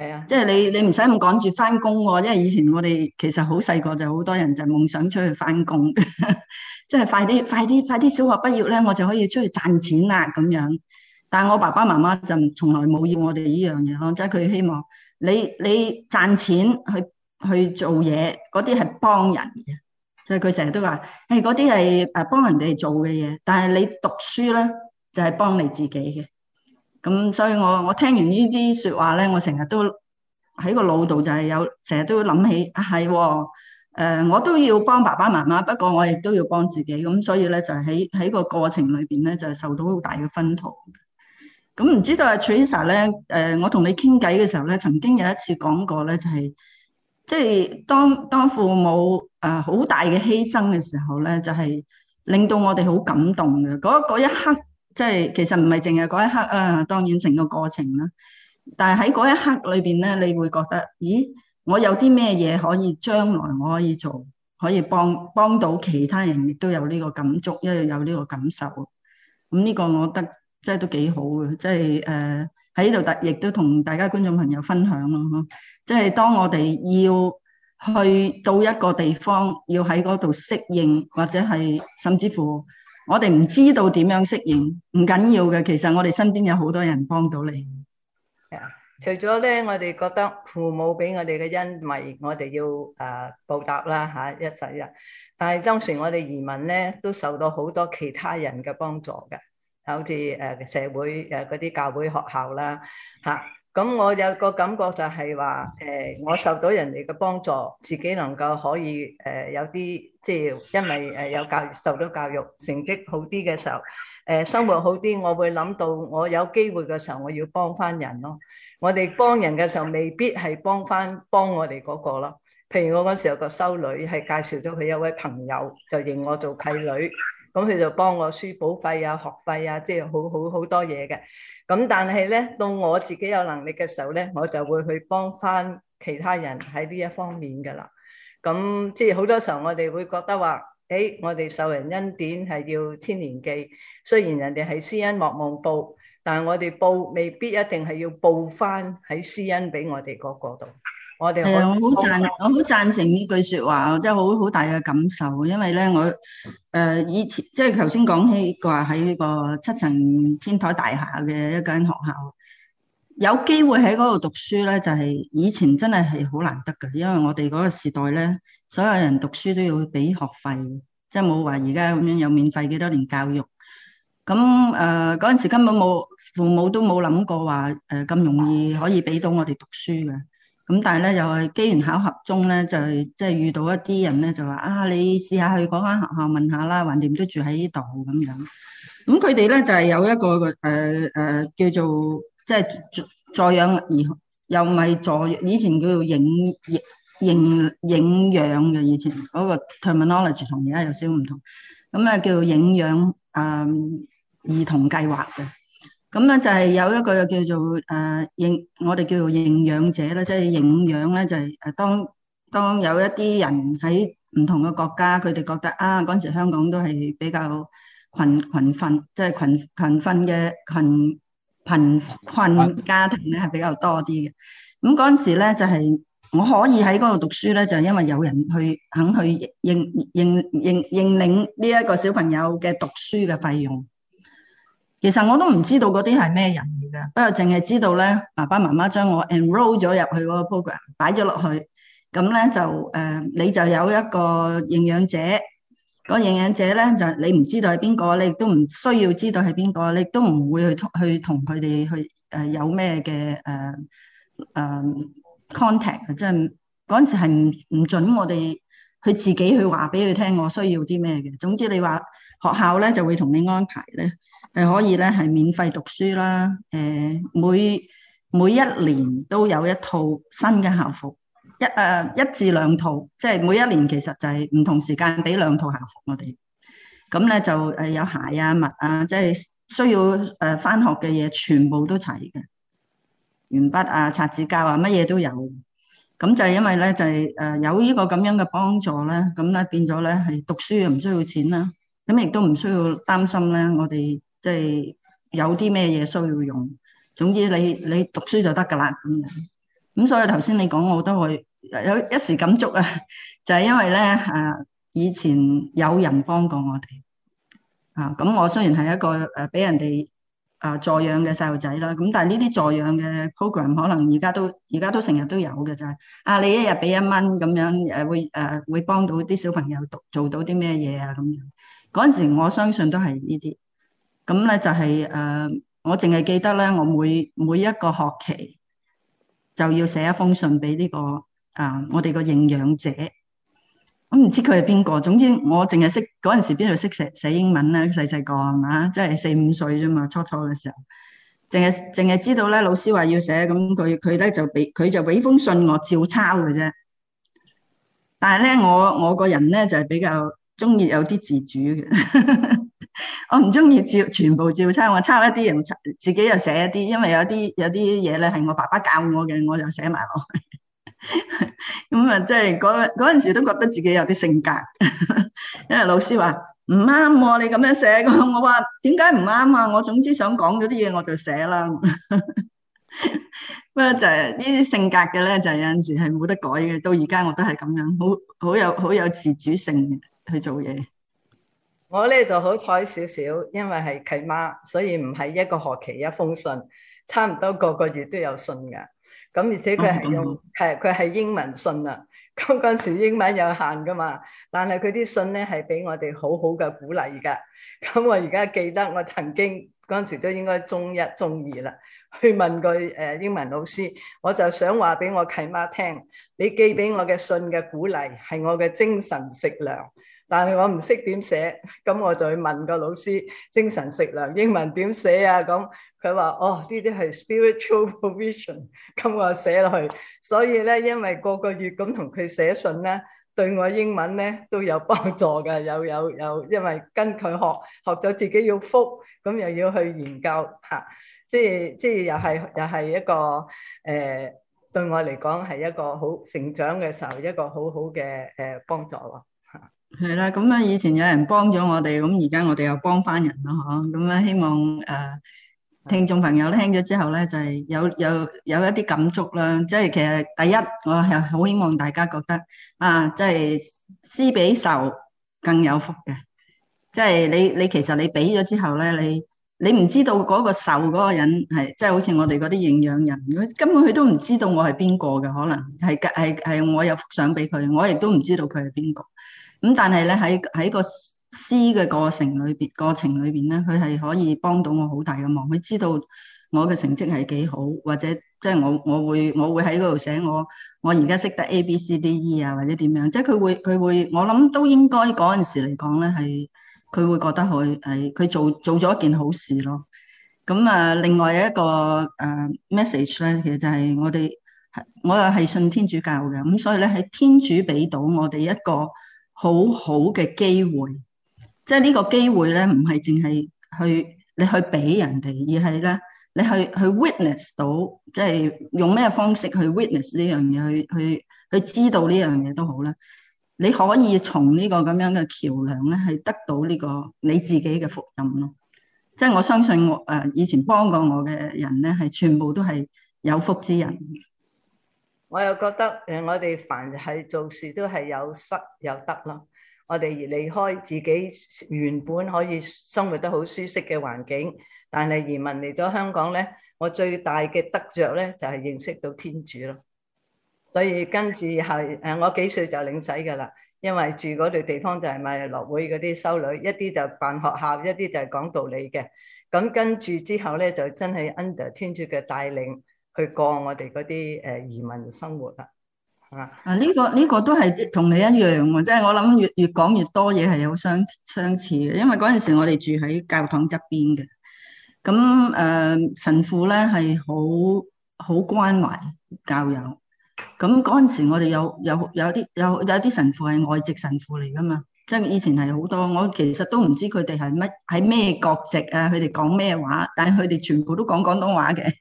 係啊，即係你你唔使咁趕住翻工喎，因為以前我哋其實好細個就好多人就夢想出去翻工，即 係快啲快啲快啲小學畢業咧，我就可以出去賺錢啦咁樣。但係我爸爸媽媽就從來冇要我哋呢樣嘢咯，即係佢希望你你賺錢去去做嘢，嗰啲係幫人嘅，即係佢成日都話，誒嗰啲係誒幫人哋做嘅嘢，但係你讀書咧就係、是、幫你自己嘅。咁所以我我聽完說呢啲説話咧，我成日都喺個腦度就係有成日都諗起，係、啊、喎，誒、呃、我都要幫爸爸媽媽，不過我亦都要幫自己，咁所以咧就喺、是、喺個過程裏邊咧就係、是、受到好大嘅熏陶。咁、嗯、唔知道阿 Trisha 咧，誒、呃、我同你傾偈嘅時候咧，曾經有一次講過咧，就係、是、即係當當父母誒好、呃、大嘅犧牲嘅時候咧，就係、是、令到我哋好感動嘅嗰一刻。即係其實唔係淨係嗰一刻啊，當然成個過程啦。但係喺嗰一刻裏邊咧，你會覺得咦，我有啲咩嘢可以將來我可以做，可以幫幫到其他人，亦都有呢個感觸，因為有呢個感受。咁、嗯、呢、這個我覺得即係都幾好嘅，即係誒喺呢度特亦都同大家觀眾朋友分享咯。即、啊、係當我哋要去到一個地方，要喺嗰度適應，或者係甚至乎。我哋唔知道點樣適應，唔緊要嘅。其實我哋身邊有好多人幫到你。係啊，除咗咧，我哋覺得父母俾我哋嘅恩惠，我哋要誒、呃、報答啦嚇、啊、一世啊。但係當時我哋移民咧，都受到好多其他人嘅幫助嘅，好似誒社會誒嗰啲教會學校啦嚇。啊。咁我有個感覺就係話，誒、呃、我受到人哋嘅幫助，自己能夠可以誒、呃、有啲即係因為誒有教育，受到教育，成績好啲嘅時候，誒、呃、生活好啲，我會諗到我有機會嘅時候，我要幫翻人咯。我哋幫人嘅時候，未必係幫翻幫我哋嗰個咯。譬如我嗰時有個修女係介紹咗佢一位朋友，就認我做契女，咁佢就幫我書簿費啊、學費啊，即係好好好多嘢嘅。咁但係咧，到我自己有能力嘅時候咧，我就會去幫翻其他人喺呢一方面噶啦。咁即係好多時候我哋會覺得話，誒、哎，我哋受人恩典係要千年記，雖然人哋係施恩莫望報，但係我哋報未必一定係要報翻喺施恩俾我哋嗰個度。係啊、嗯，我好贊，我好贊成呢句說話，我真係好好大嘅感受。因為咧，我誒、呃、以前即係頭先講起過喺個七層天台大廈嘅一間學校，有機會喺嗰度讀書咧，就係、是、以前真係係好難得嘅。因為我哋嗰個時代咧，所有人讀書都要俾學費，即係冇話而家咁樣有免費幾多年教育。咁誒嗰陣時根本冇，父母都冇諗過話誒咁容易可以俾到我哋讀書嘅。咁但係咧，又係機緣巧合中咧，就係即係遇到一啲人咧，就話啊，你試下去嗰間學校問下啦，橫掂都住喺、嗯、呢度咁樣。咁佢哋咧就係有一個個誒誒叫做即係、就是、助養兒，又唔係助養，以前叫做影影影養嘅，以前嗰個 terminology 同而家有少唔同。咁、嗯、啊叫做營「影養誒兒童計劃嘅。咁咧、嗯、就係、是、有一個叫做誒認、呃，我哋叫做認養者啦，即係認養咧，就係、是、誒、就是、當當有一啲人喺唔同嘅國家，佢哋覺得啊嗰陣時香港都係比較貧貧困，即係貧貧困嘅貧貧困家庭咧係比較多啲嘅。咁嗰陣時咧就係、是、我可以喺嗰度讀書咧，就係、是、因為有人去肯去認認認認領呢一個小朋友嘅讀書嘅費用。其實我都唔知道嗰啲係咩人嚟嘅，不過淨係知道咧，爸爸媽媽將我 enroll 咗入去嗰個 program 擺咗落去，咁咧就誒、呃、你就有一個營養者，個營養者咧就你唔知道係邊個，你亦都唔需要知道係邊個，你亦都唔會去去同佢哋去誒、呃、有咩嘅誒誒 contact，即係嗰陣時係唔唔準我哋佢自己去話俾佢聽我需要啲咩嘅。總之你話學校咧就會同你安排咧。係可以咧，係免費讀書啦。誒，每每一年都有一套新嘅校服，一誒一至兩套，即係每一年其實就係唔同時間俾兩套校服我哋。咁咧就誒有鞋啊、襪啊，即係需要誒翻學嘅嘢，全部都齊嘅，鉛筆啊、擦紙膠啊，乜嘢都有。咁就因為咧就係誒有呢個咁樣嘅幫助咧，咁咧變咗咧係讀書又唔需要錢啦，咁亦都唔需要擔心咧，我哋。即係有啲咩嘢需要用，總之你你讀書就得噶啦咁樣。咁所以頭先你講，我都可以有一時感觸啊，就係因為咧啊，以前有人幫過我哋啊。咁我雖然係一個誒俾人哋啊助養嘅細路仔啦，咁但係呢啲助養嘅 program 可能而家都而家都成日都有嘅就係啊，你一日俾一蚊，咁樣誒會誒會幫到啲小朋友讀做到啲咩嘢啊咁樣。嗰陣時我相信都係呢啲。咁咧就係、是、誒，uh, 我淨係記得咧，我每每一個學期就要寫一封信俾呢、這個啊，uh, 我哋個營養者，我唔知佢係邊個。總之我淨係識嗰陣時邊度識寫寫英文啦，細細個係嘛，即係四五歲啫嘛，初初嘅時候，淨係淨係知道咧，老師話要寫，咁佢佢咧就俾佢就俾封信我照抄嘅啫。但係咧，我我個人咧就係、是、比較中意有啲自主嘅。 我唔中意照全部照抄，我抄一啲人，自己又寫一啲，因為有啲有啲嘢咧係我爸爸教我嘅，我就寫埋落去。咁 啊、就係，即係嗰嗰陣時都覺得自己有啲性格， 因為老師話唔啱，你咁樣寫咁，我話點解唔啱啊？我總之想講咗啲嘢我就寫啦。不 過 就係呢啲性格嘅咧，就係、有陣時係冇得改嘅。到而家我都係咁樣，好好有好有自主性去做嘢。我咧就好彩少少，因為係契媽，所以唔係一個學期一封信，差唔多個個月都有信噶。咁而且佢係用係佢係英文信啊。咁嗰時英文有限噶嘛，但係佢啲信咧係俾我哋好好嘅鼓勵噶。咁我而家記得我曾經嗰陣時都應該中一中二啦，去問過誒英文老師，我就想話俾我契媽聽，你寄俾我嘅信嘅鼓勵係我嘅精神食糧。但係我唔識點寫，咁我就去問個老師，精神食糧英文點寫啊？咁佢話：哦，呢啲係 spiritual provision。咁我寫落去。所以咧，因為個個月咁同佢寫信咧，對我英文咧都有幫助嘅。有有有，因為跟佢學，學咗自己要復，咁又要去研究吓。即係即係，又係又係一個誒，對我嚟講係一個好成長嘅時候，一個好好嘅誒幫助喎。係啦，咁啊，以前有人幫咗我哋，咁而家我哋又幫翻人咯，吓，咁啊，希望誒聽眾朋友聽咗之後咧，就係、是、有有有一啲感觸啦。即係其實第一，我係好希望大家覺得啊，即係施比受更有福嘅。即係你你其實你俾咗之後咧，你你唔知道嗰個受嗰個人係，即、就、係、是、好似我哋嗰啲領養人，根本佢都唔知道我係邊個嘅，可能係係係我有福想俾佢，我亦都唔知道佢係邊個。咁但係咧，喺喺個詩嘅過程裏邊過程裏邊咧，佢係可以幫到我好大嘅忙。佢知道我嘅成績係幾好，或者即係我我會我會喺嗰度寫我我而家識得 A B C D E 啊，或者點樣？即係佢會佢會，我諗都應該嗰陣時嚟講咧，係佢會覺得佢係佢做做咗一件好事咯。咁啊，另外一個誒 message 咧，其實就係我哋我又係信天主教嘅，咁所以咧喺天主俾到我哋一個。好好嘅機會，即係呢個機會咧，唔係淨係去你去俾人哋，而係咧你去去 witness 到，即係用咩方式去 witness 呢樣嘢，去去去知道呢樣嘢都好啦。你可以從呢個咁樣嘅橋梁咧，係得到呢個你自己嘅福音咯。即係我相信我誒以前幫過我嘅人咧，係全部都係有福之人。我又覺得誒，我哋凡係做事都係有失有得咯。我哋而離開自己原本可以生活得好舒適嘅環境，但係移民嚟咗香港咧，我最大嘅得着咧就係、是、認識到天主咯。所以跟住係誒，我幾歲就領洗噶啦，因為住嗰度地方就係瑪利諾會嗰啲修女，一啲就辦學校，一啲就係講道理嘅。咁跟住之後咧，就真係 under 天主嘅帶領。去過我哋嗰啲誒移民生活啦，啊啊呢個呢個都係同你一樣啊！即係我諗越越講越多嘢係有相相似嘅，因為嗰陣時我哋住喺教堂側邊嘅，咁誒，神父咧係好好關懷教友。咁嗰陣時我哋有有有啲有有啲神父係外籍神父嚟噶嘛，即係以前係好多。我其實都唔知佢哋係乜喺咩國籍啊，佢哋講咩話，但係佢哋全部都講廣東話嘅。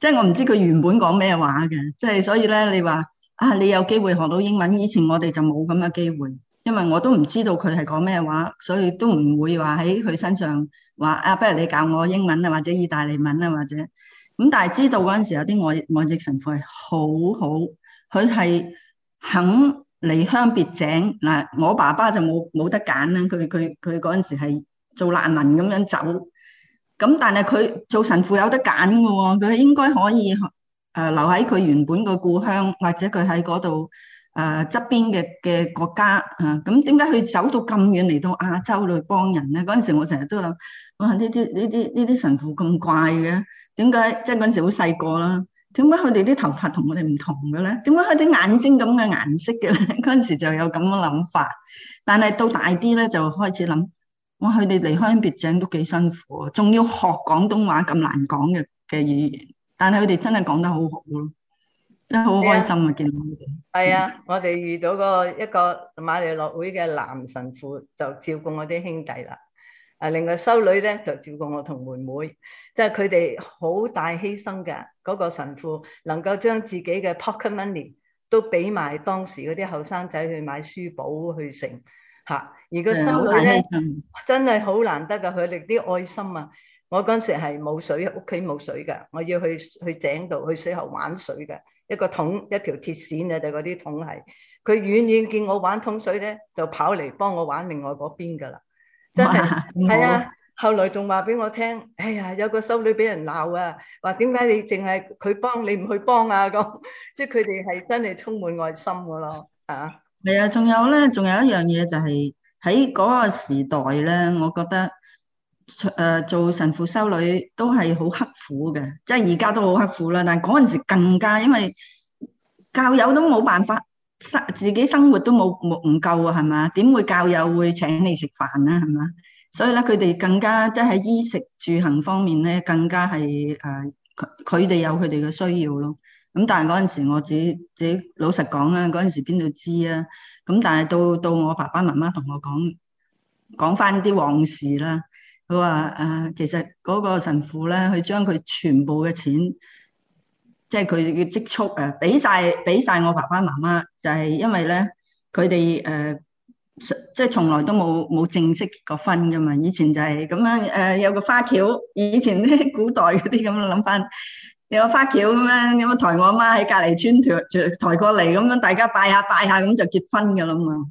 即係我唔知佢原本講咩話嘅，即係所以咧，你話啊，你有機會學到英文，以前我哋就冇咁嘅機會，因為我都唔知道佢係講咩話，所以都唔會話喺佢身上話啊，不如你教我英文啊，或者意大利文啊，或者咁，但係知道嗰陣時有啲外外籍神父係好好，佢係肯離鄉別井嗱，我爸爸就冇冇得揀啦，佢佢佢嗰陣時係做難民咁樣走。咁但係佢做神父有得揀噶喎，佢應該可以誒留喺佢原本嘅故鄉，或者佢喺嗰度誒側邊嘅嘅國家啊。咁點解佢走到咁遠嚟到亞洲嚟幫人咧？嗰陣時我成日都諗，哇！呢啲呢啲呢啲神父咁怪嘅，點解即係嗰陣時好細個啦，點解佢哋啲頭髮同我哋唔同嘅咧？點解佢啲眼睛咁嘅顏色嘅咧？嗰陣時就有咁嘅諗法，但係到大啲咧就開始諗。哇！佢哋離開別井都幾辛苦啊，仲要學廣東話咁難講嘅嘅語言，但係佢哋真係講得好好咯，真係好開心啊！見到佢哋係啊，我哋遇到個一個馬利諾會嘅男神父就照顧我啲兄弟啦，啊，另外修女咧就照顧我同妹妹，即係佢哋好大犧牲嘅。嗰個神父能夠將自己嘅 pocket money 都俾埋當時嗰啲後生仔去買書簿去成。吓！而個修女咧，嗯、真係好難得噶，佢哋啲愛心啊！我嗰時係冇水，屋企冇水噶，我要去去井度去水喉玩水噶，一個桶，一條鐵綫啊，就嗰、是、啲桶係。佢遠遠見我玩桶水咧，就跑嚟幫我玩另外嗰邊噶啦，真係係啊！後來仲話俾我聽，哎呀，有個修女俾人鬧啊，話點解你淨係佢幫你唔去幫啊？咁即係佢哋係真係充滿愛心噶咯，啊！係啊，仲有咧，仲有一樣嘢就係喺嗰個時代咧，我覺得誒做神父修女都係好刻苦嘅，即係而家都好刻苦啦。但係嗰陣時更加，因為教友都冇辦法生，自己生活都冇冇唔夠啊，係嘛？點會教友會請你食飯咧？係嘛？所以咧，佢哋更加即係喺衣食住行方面咧，更加係誒佢佢哋有佢哋嘅需要咯。咁但係嗰陣時我自己自己老實講啦，嗰陣時邊度知啊？咁但係到到我爸爸媽媽同我講講翻啲往事啦，佢話誒，其實嗰個神父咧，佢將佢全部嘅錢，即係佢嘅積蓄誒，俾晒俾晒我爸爸媽媽，就係因為咧，佢哋誒，即係從來都冇冇正式結過婚噶嘛，以前就係咁樣誒，有個花轎，以前咧古代嗰啲咁樣諗翻。有花轎咁樣，咁樣抬我阿媽喺隔籬村抬，就抬，抬，抬過嚟咁樣，大家拜下拜下咁就結婚噶啦嘛。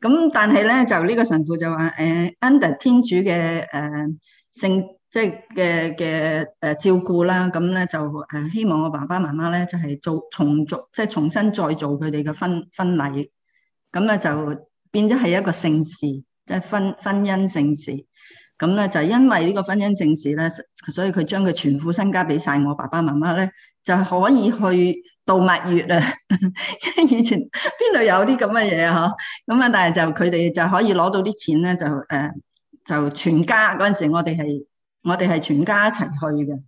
咁但係咧就呢個神父就話，誒、呃、under 天主嘅誒聖即係嘅嘅誒照顧啦，咁、嗯、咧就誒希望我爸爸媽媽咧就係做重做，重即係重新再做佢哋嘅婚婚禮。咁咧就變咗係一個聖事，即係婚婚姻聖事。咁咧就因為呢個婚姻盛事咧，所以佢將佢全副身家俾晒我爸爸媽媽咧，就係可以去度蜜月 啊！因為以前邊度有啲咁嘅嘢啊？嗬，咁啊，但係就佢哋就可以攞到啲錢咧，就誒、呃、就全家嗰陣時我，我哋係我哋係全家一齊去嘅。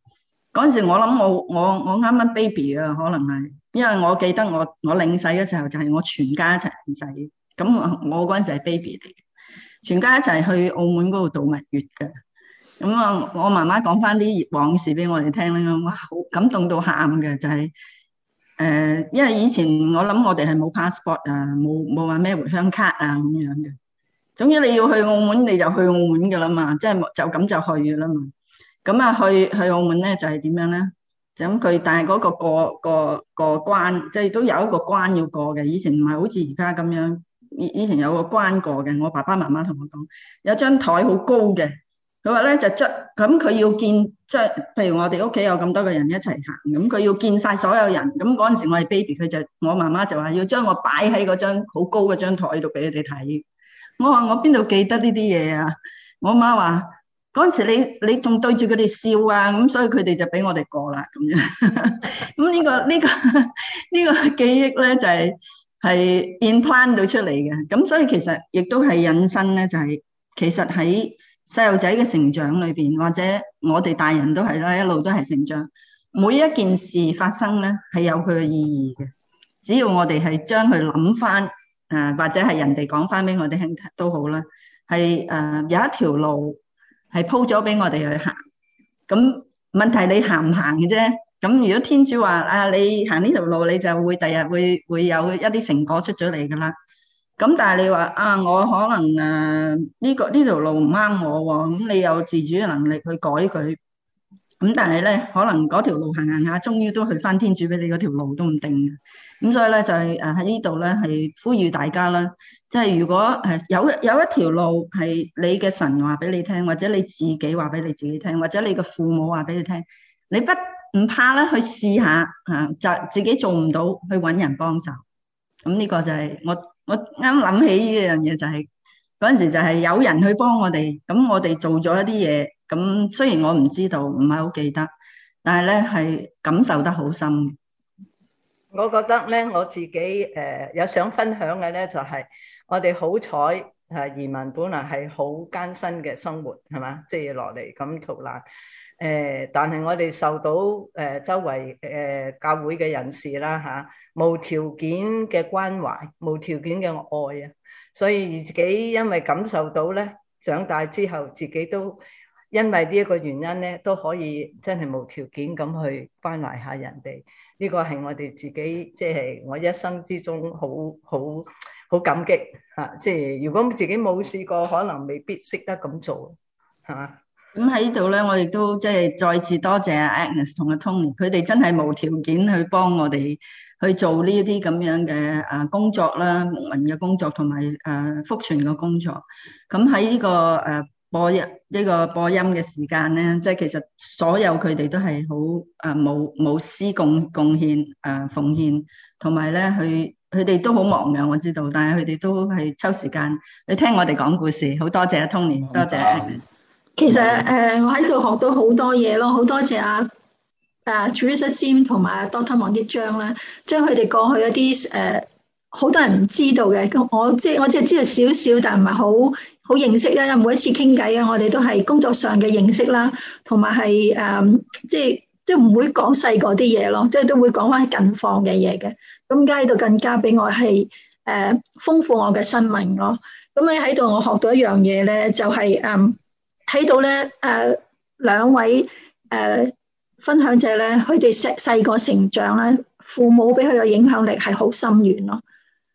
嗰陣時我諗我我我啱啱 baby 啊，可能係因為我記得我我領洗嘅時候就係我全家一齊領洗，咁我嗰陣時係 baby 嚟嘅。全家一齊去澳門嗰度度蜜月嘅，咁、嗯、啊，我媽媽講翻啲往事俾我哋聽咧，哇，好感動到喊嘅，就係、是、誒、呃，因為以前我諗我哋係冇 passport 啊，冇冇話咩回鄉卡啊咁樣嘅。總之你要去澳門你就去澳門嘅啦嘛，即係就咁、是、就，就去嘅啦嘛。咁、嗯、啊，去去澳門咧就係、是、點樣咧？咁、就、佢、是、但係嗰個過過過關，即、就、係、是、都有一個關要過嘅。以前唔係好似而家咁樣。以以前有個關過嘅，我爸爸媽媽同我講，有張台好高嘅，佢話咧就將咁佢要見即係，譬如我哋屋企有咁多個人一齊行，咁佢要見晒所有人，咁嗰陣時我係 baby，佢就我媽媽就話要將我擺喺嗰張好高嗰張台度俾佢哋睇，我話我邊度記得呢啲嘢啊，我媽話嗰陣時你你仲對住佢哋笑啊，咁所以佢哋就俾我哋過啦咁樣，咁 呢、呢個呢、呢個呢、呢個記憶咧就係、是。係 implant 到出嚟嘅，咁所以其實亦都係引申咧，就係、是、其實喺細路仔嘅成長裏邊，或者我哋大人都係啦，一路都係成長。每一件事發生咧，係有佢嘅意義嘅。只要我哋係將佢諗翻，誒或者係人哋講翻俾我哋聽都好啦，係誒、呃、有一條路係鋪咗俾我哋去行，咁問題你行唔行嘅啫。咁如果天主話啊，你行呢條路，你就會第日會會有一啲成果出咗嚟噶啦。咁但係你話啊，我可能誒呢個呢條路唔啱我喎，咁你有自主嘅能力去改佢。咁但係咧，可能嗰條路行行下，終於都去翻天主俾你嗰條路都唔定嘅。咁所以咧就係誒喺呢度咧係呼籲大家啦，即係如果誒有有一條路係你嘅神話俾你聽，或者你自己話俾你自己聽，或者你嘅父母話俾你聽，你不。唔怕啦，去試下，就自己做唔到，去搵人幫手。咁呢個就係我我啱諗起呢樣嘢，就係嗰陣時就係有人去幫我哋，咁我哋做咗一啲嘢。咁雖然我唔知道，唔係好記得，但係咧係感受得好深。我覺得咧，我自己誒、呃、有想分享嘅咧，就係、是、我哋好彩誒，移民本來係好艱辛嘅生活，係嘛，即係落嚟咁逃難。誒，但係我哋受到誒周圍誒教會嘅人士啦嚇，無條件嘅關懷，無條件嘅愛啊，所以自己因為感受到咧，長大之後自己都因為呢一個原因咧，都可以真係無條件咁去關懷下人哋。呢個係我哋自己，即係我一生之中好好好感激嚇。即係如果自己冇試過，可能未必識得咁做，係嘛？咁喺呢度咧，我亦都即係再次多謝阿 Agnes 同阿 Tony，佢哋真係無條件去幫我哋去做呢一啲咁樣嘅啊工作啦，文嘅工作同埋誒福傳嘅工作。咁喺呢個誒播音呢、呢個播音嘅時間咧，即係其實所有佢哋都係好誒冇冇私貢貢獻誒奉獻，同埋咧佢佢哋都好忙嘅，我知道，但係佢哋都係抽時間你聽我哋講故事，好多謝阿 Tony，多謝 Agnes。其實誒，我喺度學到好多嘢咯，好多謝啊啊，Trisha Jim 同埋 Doctor 王益章啦，將佢哋過去一啲誒，好多人唔知道嘅，咁我即係我即係知道少少，但係唔係好好認識啊。每一次傾偈啊，我哋都係工作上嘅認識啦，同埋係誒，即係即係唔會講細個啲嘢咯，即係都會講翻近況嘅嘢嘅。咁而喺度更加俾我係誒豐富我嘅生命咯。咁你喺度我學到一樣嘢咧，就係誒睇到咧，誒兩位誒、呃、分享者咧，佢哋細細個成長咧，父母俾佢嘅影響力係好深遠咯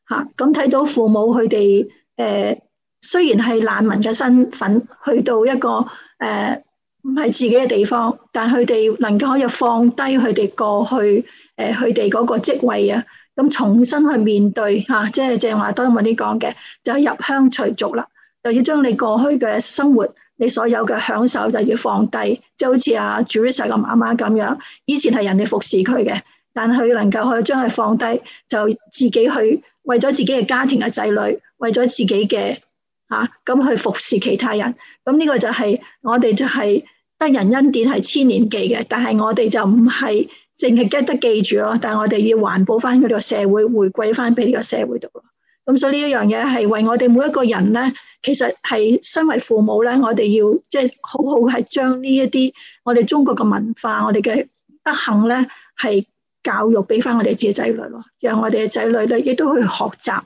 嚇。咁、啊、睇到父母佢哋誒，雖然係難民嘅身份，去到一個誒唔係自己嘅地方，但佢哋能夠可以放低佢哋過去誒佢哋嗰個職位啊，咁重新去面對嚇、啊，即係正如阿多恩文呢講嘅，就入鄉隨俗啦，就要將你過去嘅生活。你所有嘅享受就要放低，就好似阿朱 u l e 個媽媽咁樣，以前係人哋服侍佢嘅，但係佢能夠去將佢放低，就自己去為咗自己嘅家庭嘅仔女，為咗自己嘅吓，咁、啊、去服侍其他人。咁呢個就係、是、我哋就係、是、得人恩典係千年記嘅，但係我哋就唔係淨係 get 得記住咯，但係我哋要環保翻佢個社會，回歸翻俾呢個社會度。咁所以呢一樣嘢係為我哋每一個人咧，其實，係身為父母咧，我哋要即係、就是、好好係將呢一啲我哋中國嘅文化、我哋嘅德行咧，係教育俾翻我哋自己仔女咯，讓我哋嘅仔女咧亦都去學習吓、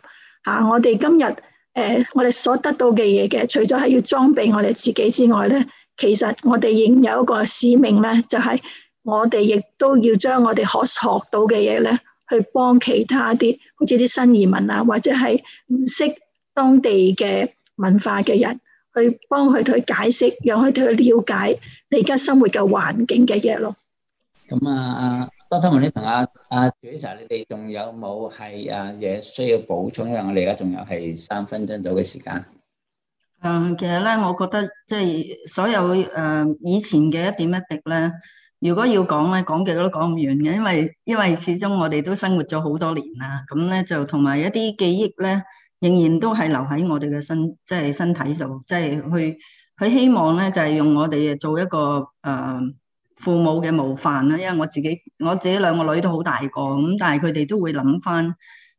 啊，我哋今日誒、呃，我哋所得到嘅嘢嘅，除咗係要裝備我哋自己之外咧，其實，我哋仍有一個使命咧，就係、是，我哋亦都要將我哋可學，學到嘅嘢咧。去幫其他啲，好似啲新移民啊，或者係唔識當地嘅文化嘅人，去幫佢佢解釋，又可以佢了解你而家生活嘅環境嘅嘢咯。咁啊，阿 doctor，同阿阿主席，你哋仲有冇係啊嘢需要補充？因為我哋而家仲有係三分鐘到嘅時間。嗯，其實咧，我覺得即係、就是、所有誒、呃、以前嘅一點一滴咧。如果要講咧，講幾多都講唔完嘅，因為因為始終我哋都生活咗好多年啦，咁咧就同埋一啲記憶咧，仍然都係留喺我哋嘅身，即係身體度，即係去去希望咧，就係用我哋做一個誒父母嘅模範啦。因為我自己我自己兩個女都好大個，咁但係佢哋都會諗翻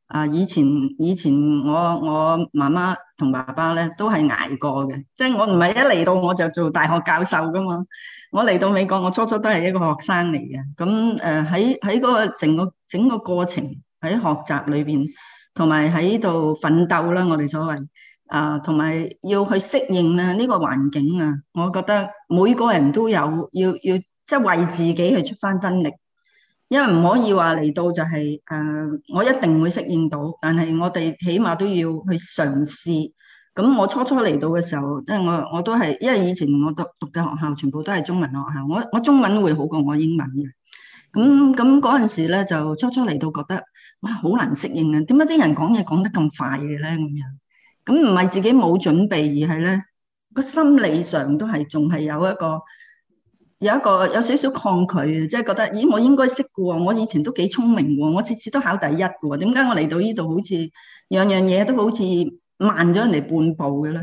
啊，以前以前我我媽媽同爸爸咧都係挨過嘅，即係我唔係一嚟到我就做大學教授噶嘛。我嚟到美國，我初初都係一個學生嚟嘅，咁誒喺喺嗰個整個，整個過程喺學習裏邊，同埋喺度奮鬥啦，我哋所謂啊，同埋要去適應啦呢個環境啊，我覺得每個人都有要要即係為自己去出翻分力，因為唔可以話嚟到就係誒我一定會適應到，但係我哋起碼都要去嘗試。咁我初初嚟到嘅時候，即係我我都係，因為以前我讀讀嘅學校全部都係中文學校，我我中文會好過我英文嘅。咁咁嗰陣時咧，就初初嚟到覺得，哇，好難適應啊！點解啲人講嘢講得咁快嘅咧？咁樣，咁唔係自己冇準備，而係咧個心理上都係仲係有一個有一個有少少抗拒嘅，即係覺得，咦，我應該識嘅喎，我以前都幾聰明喎，我次次都考第一嘅喎，點解我嚟到呢度好似樣樣嘢都好似慢咗人哋半步嘅啦，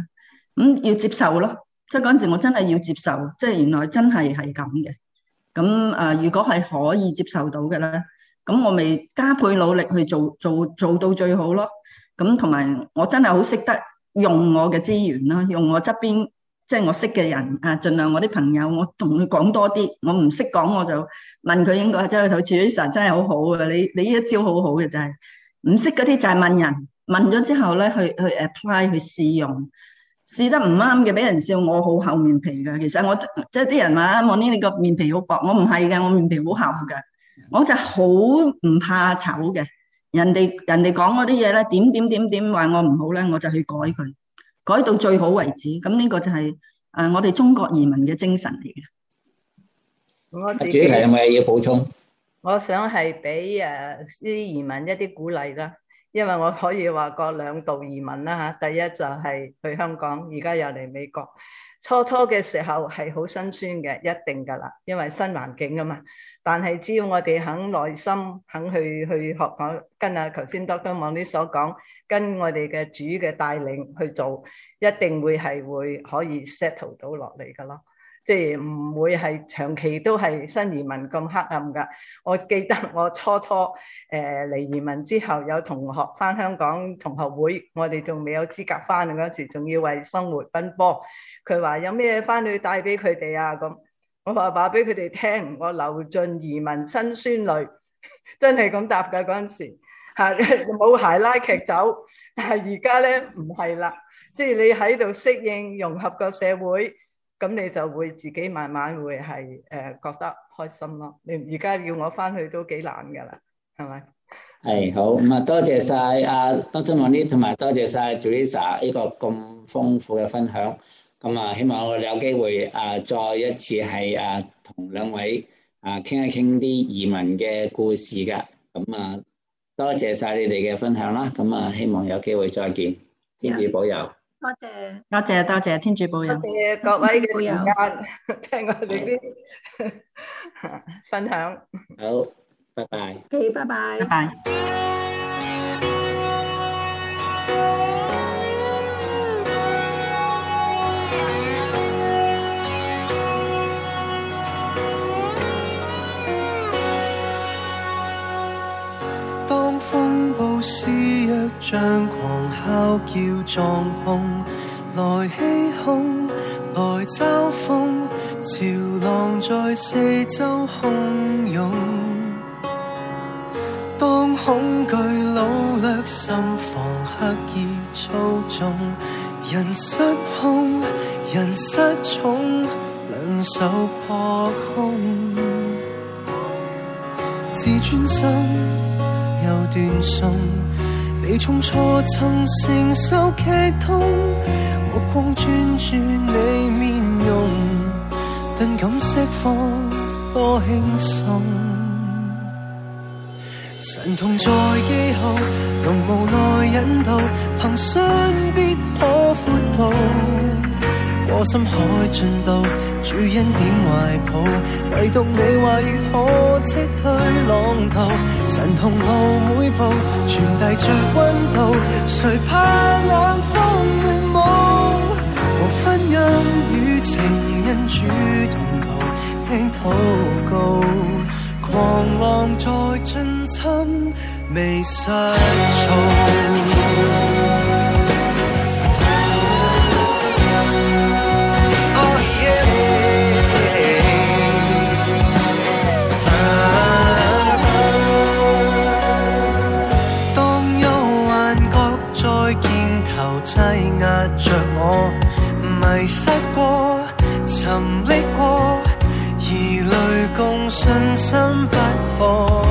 咁、嗯、要接受咯。即係嗰陣時，我真係要接受，即係原來真係係咁嘅。咁、嗯、誒、啊，如果係可以接受到嘅啦，咁、嗯、我咪加倍努力去做做做到最好咯。咁同埋我真係好識得用我嘅資源啦，用我側邊即係、就是、我識嘅人啊，儘量我啲朋友，我同佢講多啲。我唔識講我就問佢應該即係、就是、好似啲神真係好好嘅，你你呢一招好好嘅就係、是、唔、嗯、識嗰啲就係問人。問咗之後咧，去去 apply 去試用，試得唔啱嘅，俾人笑，我好厚面皮噶。其實我即係啲人話，我呢你個面皮好薄，我唔係嘅，我面皮好厚嘅。我就好唔怕醜嘅。人哋人哋講嗰啲嘢咧，點點點點話我唔好咧，我就去改佢，改到最好為止。咁呢個就係誒我哋中國移民嘅精神嚟嘅。我自己有冇嘢要補充？我想係俾誒啲移民一啲鼓勵啦。因為我可以話過兩度移民啦嚇，第一就係去香港，而家又嚟美國。初初嘅時候係好辛酸嘅，一定噶啦，因為新環境啊嘛。但係只要我哋肯耐心，肯去去學講，跟啊頭先多番網啲所講，跟我哋嘅主嘅帶領去做，一定會係會可以 settle 到落嚟噶咯。即係唔會係長期都係新移民咁黑暗噶。我記得我初初誒嚟、呃、移民之後，有同學翻香港同學會，我哋仲未有資格翻。嗰陣時仲要為生活奔波。佢話有咩翻去帶俾佢哋啊？咁我話話俾佢哋聽，我流盡移民辛酸淚，真係咁答噶。嗰陣時吓，冇鞋拉劇走。但係而家咧唔係啦，即係你喺度適應融合個社會。咁你就會自己慢慢會係誒覺得開心咯。你而家要我翻去都幾難㗎啦，係咪？係好咁啊！多謝晒啊，多謝我呢，同埋多謝晒 Julissa 呢個咁豐富嘅分享。咁啊，希望我哋有機會啊，再一次係啊，同兩位啊傾一傾啲移民嘅故事㗎。咁啊，多謝晒你哋嘅分享啦。咁啊，希望有機會再見，天主保佑。多謝，多謝，多謝天主保佑，多謝各位嘅時間，聽我哋啲分享。好，拜拜。OK，拜拜。拜拜。當風暴消若像狂吼叫撞碰，來欺空，來嘲諷，潮浪在四周洶湧。當恐懼擄掠心房，刻意操縱，人失控，人失寵，兩手撲空，自尊心又斷送。你從初曾承受劇痛，目光專注你面容，頓感釋放多輕鬆。神痛在記號，用無奈引導，憑信必可闊步。我心海盡到主恩典懷抱，唯獨你為我撤退浪頭。神同路每步傳遞着温度，誰怕冷風亂舞？無分恩與情人主同途，聽禱告，狂浪在進侵未失措。擠壓着我，迷失過，沉溺過，疑慮共信心不破。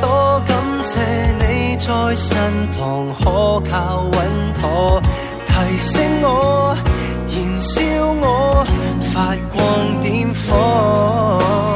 多感謝你在身旁可靠穩妥，提醒我，燃燒我，發光點火。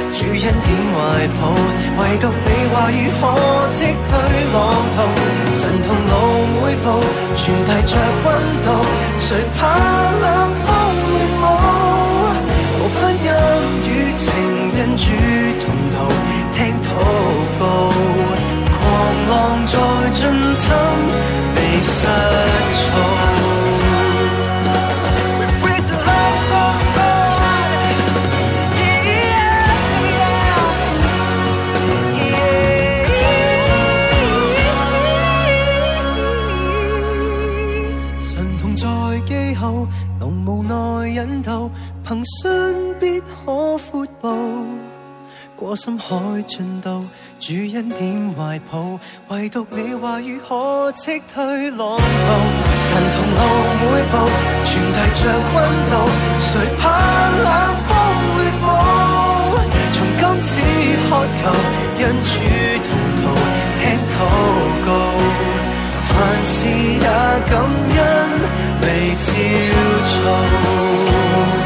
主恩典懷抱，唯獨你話如何積聚浪濤，神同路每步，全帶着溫度，誰怕冷風亂舞？無分陰雨情人主同途聽徒步狂浪在進侵，未失措。曾信必可闊步，過深海盡度主恩典懷抱，唯獨你話語可斥退浪濤。 神同路每步，傳遞着温度，誰怕冷風亂舞？從今只渴求因主同途，聽禱告，凡事也感恩未照躁。